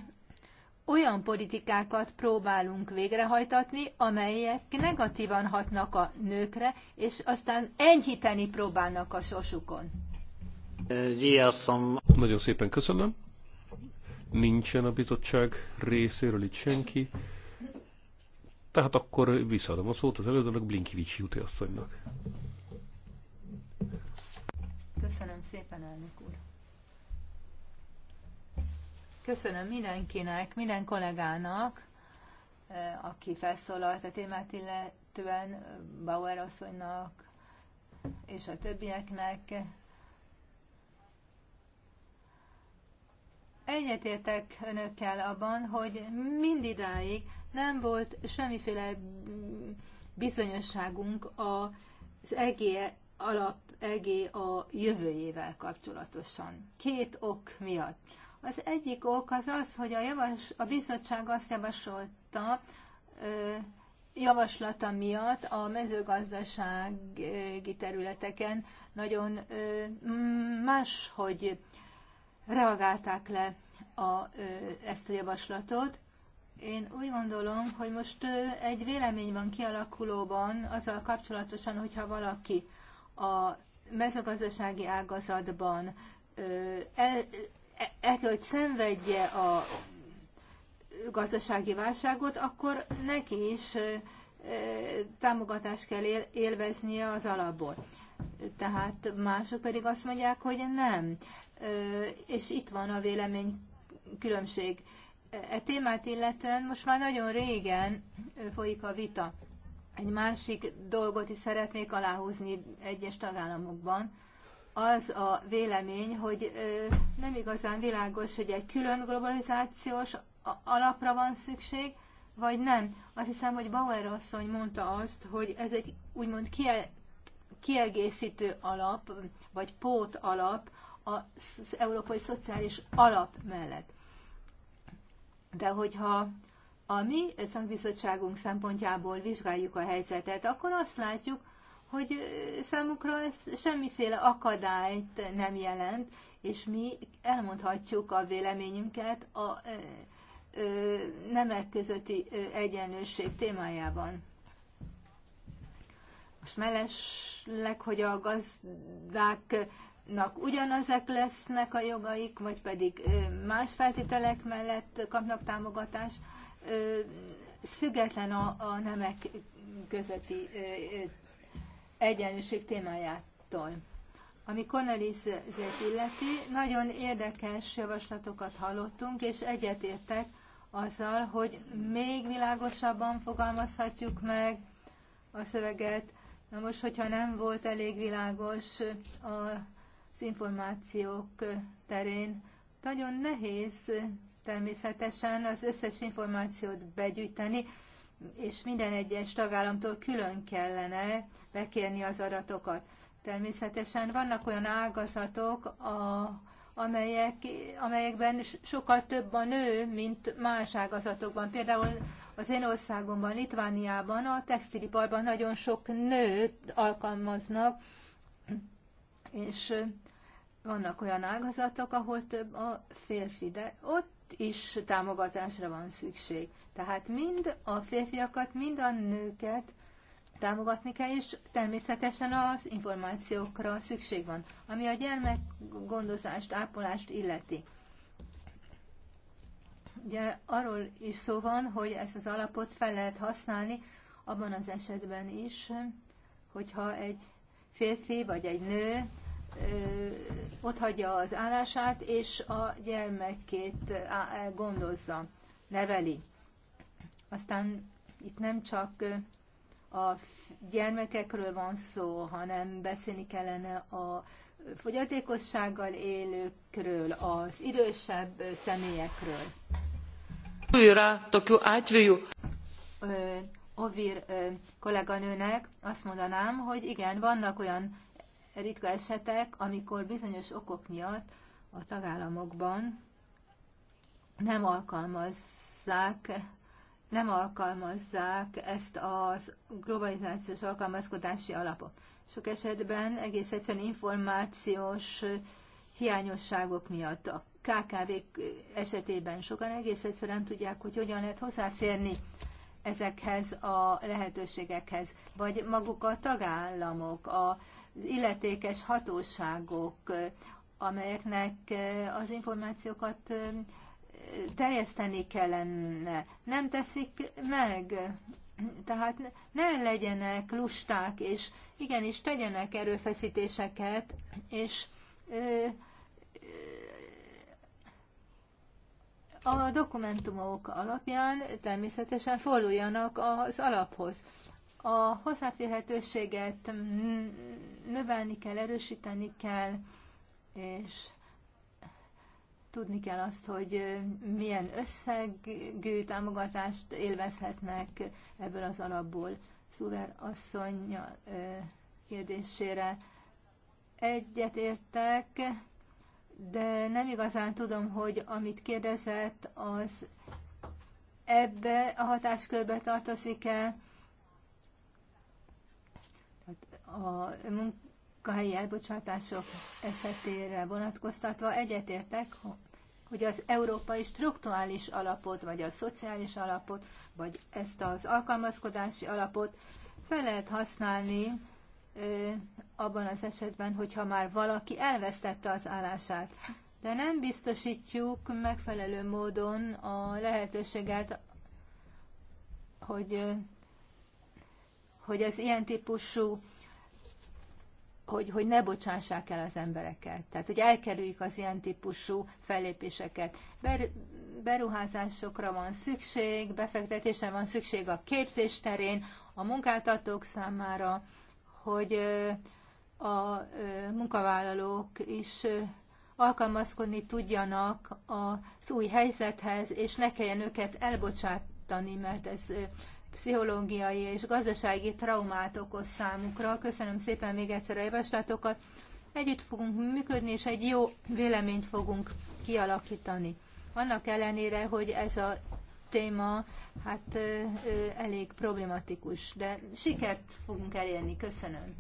olyan politikákat próbálunk végrehajtatni, amelyek negatívan hatnak a nőkre, és aztán enyhíteni próbálnak a sorsukon. Nagyon szépen köszönöm nincsen a bizottság részéről itt senki. Tehát akkor visszaadom a szót az előadónak, Blinkivics Júti asszonynak. Köszönöm szépen, elnök úr. Köszönöm mindenkinek, minden kollégának, eh, aki felszólalt a témát illetően, Bauer asszonynak és a többieknek. Egyetértek önökkel abban, hogy mindidáig nem volt semmiféle bizonyosságunk az EG alap EG a jövőjével kapcsolatosan. Két ok miatt. Az egyik ok az az, hogy a, javas, a bizottság azt javasolta, ö, javaslata miatt a mezőgazdasági területeken nagyon ö, máshogy reagálták le a, ezt a javaslatot. Én úgy gondolom, hogy most egy vélemény van kialakulóban azzal kapcsolatosan, hogyha valaki a mezőgazdasági ágazatban el, e, el el, hogy szenvedje a gazdasági válságot, akkor neki is támogatást kell élveznie az alapból. Tehát mások pedig azt mondják, hogy nem és itt van a vélemény különbség. E témát illetően most már nagyon régen folyik a vita. Egy másik dolgot is szeretnék aláhúzni egyes tagállamokban. Az a vélemény, hogy nem igazán világos, hogy egy külön globalizációs alapra van szükség, vagy nem. Azt hiszem, hogy Bauer asszony mondta azt, hogy ez egy úgymond kiegészítő alap, vagy pót alap az Európai Szociális Alap mellett. De hogyha a mi szakbizottságunk szempontjából vizsgáljuk a helyzetet, akkor azt látjuk, hogy számukra ez semmiféle akadályt nem jelent, és mi elmondhatjuk a véleményünket a nemek közötti egyenlőség témájában. Most mellesleg, hogy a gazdák nak ugyanazek lesznek a jogaik, vagy pedig más feltételek mellett kapnak támogatást. Ez független a, a nemek közötti egyenlőség témájától. Ami Cornelizet illeti, nagyon érdekes javaslatokat hallottunk, és egyetértek azzal, hogy még világosabban fogalmazhatjuk meg a szöveget. Na most, hogyha nem volt elég világos a az információk terén. Nagyon nehéz természetesen az összes információt begyűjteni, és minden egyes tagállamtól külön kellene bekérni az adatokat. Természetesen vannak olyan ágazatok, a, amelyek, amelyekben sokkal több a nő, mint más ágazatokban. Például az én országomban, Litvániában a textiliparban nagyon sok nőt alkalmaznak, és vannak olyan ágazatok, ahol több a férfi, de ott is támogatásra van szükség. Tehát mind a férfiakat, mind a nőket támogatni kell, és természetesen az információkra szükség van, ami a gyermekgondozást, ápolást illeti. Ugye arról is szó van, hogy ezt az alapot fel lehet használni abban az esetben is, hogyha egy férfi vagy egy nő ott hagyja az állását, és a gyermekét gondozza, neveli. Aztán itt nem csak a gyermekekről van szó, hanem beszélni kellene a fogyatékossággal élőkről, az idősebb személyekről. Ovir kolléganőnek azt mondanám, hogy igen, vannak olyan ritka esetek, amikor bizonyos okok miatt a tagállamokban nem alkalmazzák nem alkalmazzák ezt a globalizációs alkalmazkodási alapot. Sok esetben egész egyszerűen információs hiányosságok miatt a kkv esetében sokan egész egyszerűen nem tudják, hogy hogyan lehet hozzáférni ezekhez a lehetőségekhez, vagy maguk a tagállamok, a illetékes hatóságok, amelyeknek eh, az információkat eh, terjeszteni kellene. Nem teszik meg. Tehát ne legyenek lusták, és igenis tegyenek erőfeszítéseket, és eh, a dokumentumok alapján természetesen forduljanak az alaphoz. A hozzáférhetőséget növelni kell, erősíteni kell, és tudni kell azt, hogy milyen összegű támogatást élvezhetnek ebből az alapból. Szuver asszony kérdésére egyet értek, de nem igazán tudom, hogy amit kérdezett, az ebbe a hatáskörbe tartozik-e a munkahelyi elbocsátások esetére vonatkoztatva egyetértek, hogy az európai struktúrális alapot, vagy a szociális alapot, vagy ezt az alkalmazkodási alapot fel lehet használni abban az esetben, hogyha már valaki elvesztette az állását. De nem biztosítjuk megfelelő módon a lehetőséget, hogy, hogy az ilyen típusú hogy, hogy ne bocsássák el az embereket. Tehát, hogy elkerüljük az ilyen típusú fellépéseket. beruházásokra van szükség, befektetésre van szükség a képzés terén, a munkáltatók számára, hogy a munkavállalók is alkalmazkodni tudjanak az új helyzethez, és ne kelljen őket elbocsátani, mert ez pszichológiai és gazdasági traumát okoz számukra. Köszönöm szépen még egyszer a javaslatokat. Együtt fogunk működni, és egy jó véleményt fogunk kialakítani. Annak ellenére, hogy ez a téma hát elég problematikus, de sikert fogunk elérni. Köszönöm.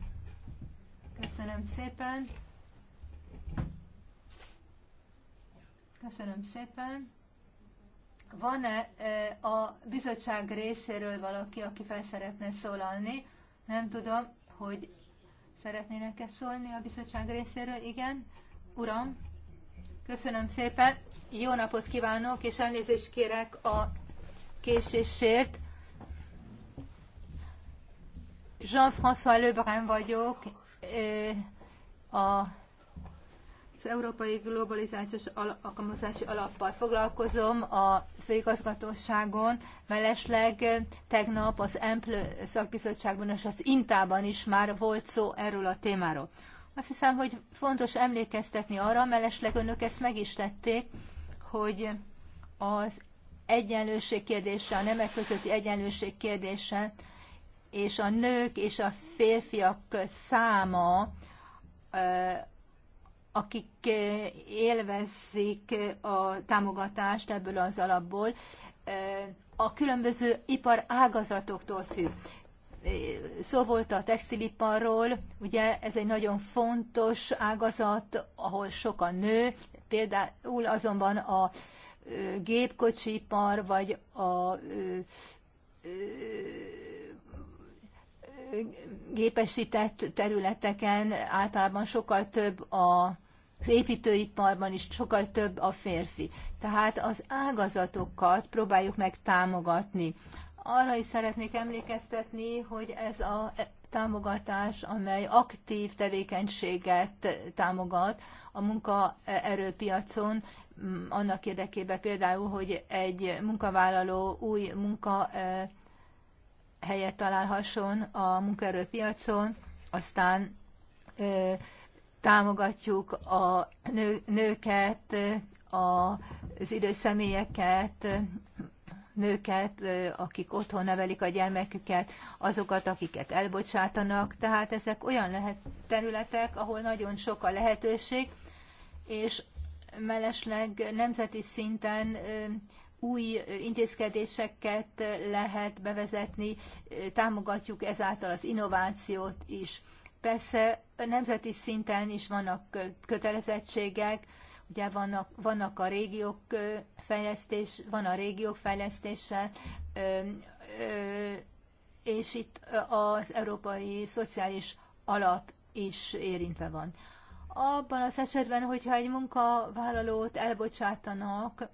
Köszönöm szépen. Köszönöm szépen. Van-e a bizottság részéről valaki, aki fel szeretne szólalni? Nem tudom, hogy szeretnének-e szólni a bizottság részéről. Igen, uram, köszönöm szépen. Jó napot kívánok, és elnézést kérek a késésért. Jean-François Lebrun vagyok, a Európai Globalizációs Alkalmazási Alappal foglalkozom a főigazgatóságon, mellesleg tegnap az EMPL szakbizottságban és az Intában is már volt szó erről a témáról. Azt hiszem, hogy fontos emlékeztetni arra, mellesleg önök ezt meg is tették, hogy az egyenlőség kérdése, a nemek közötti egyenlőség kérdése és a nők és a férfiak száma akik eh, élvezik eh, a támogatást ebből az alapból, eh, a különböző ipar ágazatoktól függ. Szó volt a textiliparról, ugye ez egy nagyon fontos ágazat, ahol sok a nő, például azonban a gépkocsipar, vagy a gépesített területeken általában sokkal több a az építőiparban is sokkal több a férfi. Tehát az ágazatokat próbáljuk meg támogatni. Arra is szeretnék emlékeztetni, hogy ez a támogatás, amely aktív tevékenységet támogat a munkaerőpiacon, mm, annak érdekében például, hogy egy munkavállaló új munka e, helyet találhasson a munkaerőpiacon, aztán e, támogatjuk a nő, nőket, az idős személyeket, nőket, akik otthon nevelik a gyermeküket, azokat, akiket elbocsátanak. Tehát ezek olyan lehet területek, ahol nagyon sok a lehetőség, és mellesleg nemzeti szinten új intézkedéseket lehet bevezetni, támogatjuk ezáltal az innovációt is. Persze nemzeti szinten is vannak kötelezettségek, ugye vannak, vannak a régiók fejlesztés, van a régiók fejlesztése, és itt az Európai Szociális Alap is érintve van. Abban az esetben, hogyha egy munkavállalót elbocsátanak,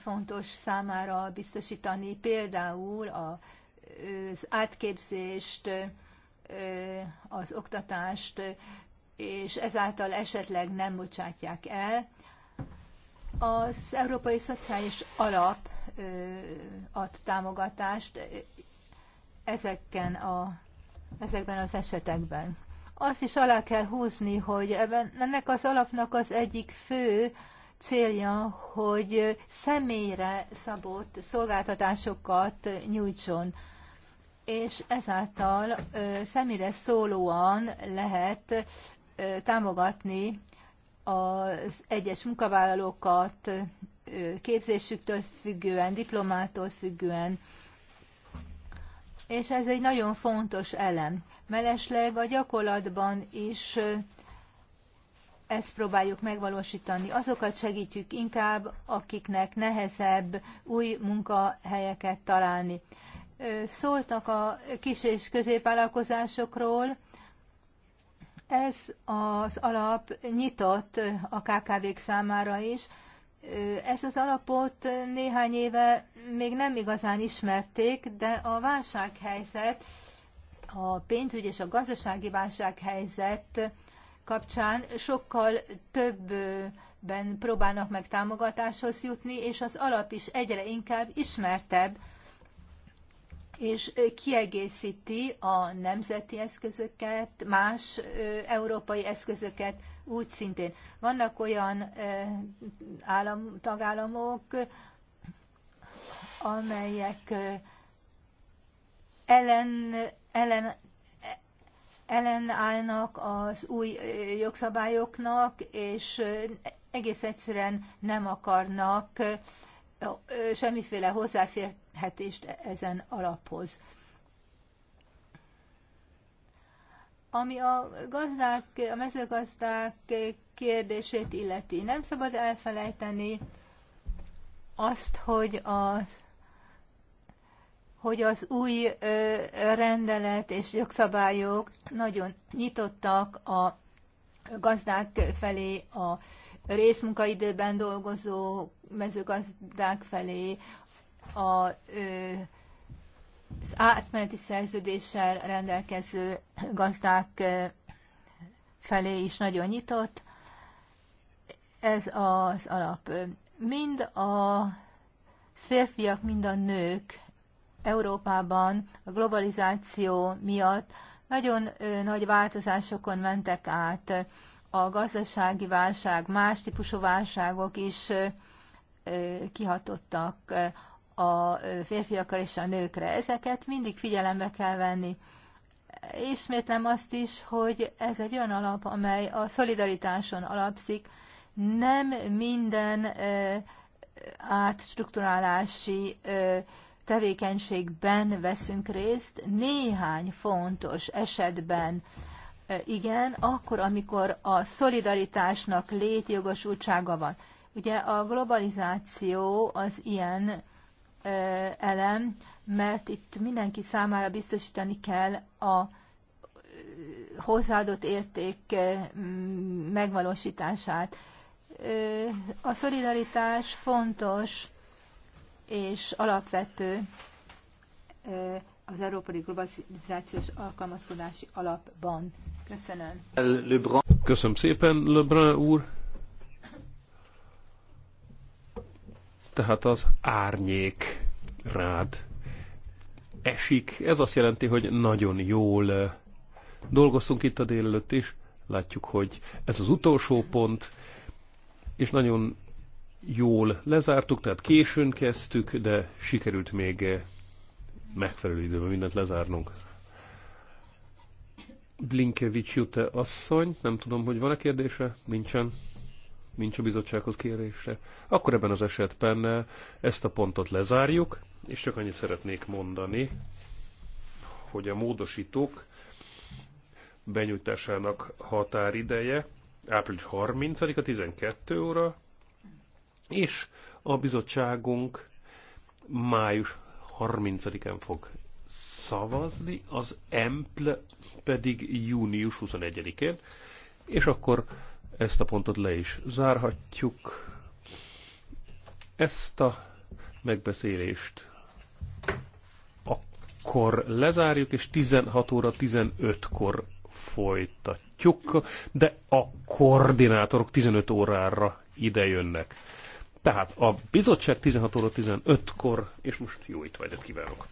fontos számára biztosítani például az átképzést, az oktatást, és ezáltal esetleg nem bocsátják el. Az Európai Szociális Alap ad támogatást ezeken a, ezekben az esetekben. Azt is alá kell húzni, hogy ebben, ennek az alapnak az egyik fő célja, hogy személyre szabott szolgáltatásokat nyújtson és ezáltal személyre szólóan lehet támogatni az egyes munkavállalókat képzésüktől függően, diplomától függően, és ez egy nagyon fontos elem. Melesleg a gyakorlatban is ezt próbáljuk megvalósítani. Azokat segítjük inkább, akiknek nehezebb új munkahelyeket találni szóltak a kis- és középvállalkozásokról. Ez az alap nyitott a KKV-k számára is. Ez az alapot néhány éve még nem igazán ismerték, de a válsághelyzet, a pénzügy és a gazdasági válsághelyzet kapcsán sokkal többben próbálnak meg támogatáshoz jutni, és az alap is egyre inkább ismertebb és kiegészíti a nemzeti eszközöket, más európai eszközöket úgy szintén. Vannak olyan állam, tagállamok, amelyek ellen, ellen, ellenállnak az új jogszabályoknak, és egész egyszerűen nem akarnak semmiféle hozzáfért hetést ezen alaphoz. Ami a gazdák, a mezőgazdák kérdését illeti, nem szabad elfelejteni azt, hogy az hogy az új rendelet és jogszabályok nagyon nyitottak a gazdák felé, a részmunkaidőben dolgozó mezőgazdák felé, a, az átmeneti szerződéssel rendelkező gazdák felé is nagyon nyitott. Ez az alap. Mind a férfiak, mind a nők Európában a globalizáció miatt nagyon nagy változásokon mentek át. A gazdasági válság, más típusú válságok is kihatottak a férfiakra és a nőkre. Ezeket mindig figyelembe kell venni. Ismétlem azt is, hogy ez egy olyan alap, amely a szolidaritáson alapszik. Nem minden ö, átstruktúrálási ö, tevékenységben veszünk részt, néhány fontos esetben igen, akkor, amikor a szolidaritásnak létjogosultsága van. Ugye a globalizáció az ilyen elem, mert itt mindenki számára biztosítani kell a hozzáadott érték megvalósítását. A szolidaritás fontos és alapvető az Európai Globalizációs Alkalmazkodási Alapban. Köszönöm. Köszönöm szépen, Lebrun úr. tehát az árnyék rád esik. Ez azt jelenti, hogy nagyon jól dolgoztunk itt a délelőtt is, látjuk, hogy ez az utolsó pont, és nagyon jól lezártuk, tehát későn kezdtük, de sikerült még megfelelő időben mindent lezárnunk. Blinkevics Jute asszony, nem tudom, hogy van-e kérdése? Nincsen nincs a bizottsághoz kérésre, akkor ebben az esetben ezt a pontot lezárjuk, és csak annyit szeretnék mondani, hogy a módosítók benyújtásának határideje április 30-a 12 óra, és a bizottságunk május 30-án fog szavazni, az EMPL pedig június 21-én, és akkor ezt a pontot le is zárhatjuk. Ezt a megbeszélést akkor lezárjuk, és 16 óra 15-kor folytatjuk, de a koordinátorok 15 órára ide jönnek. Tehát a bizottság 16 óra 15-kor, és most jó itt vagyok, kívánok!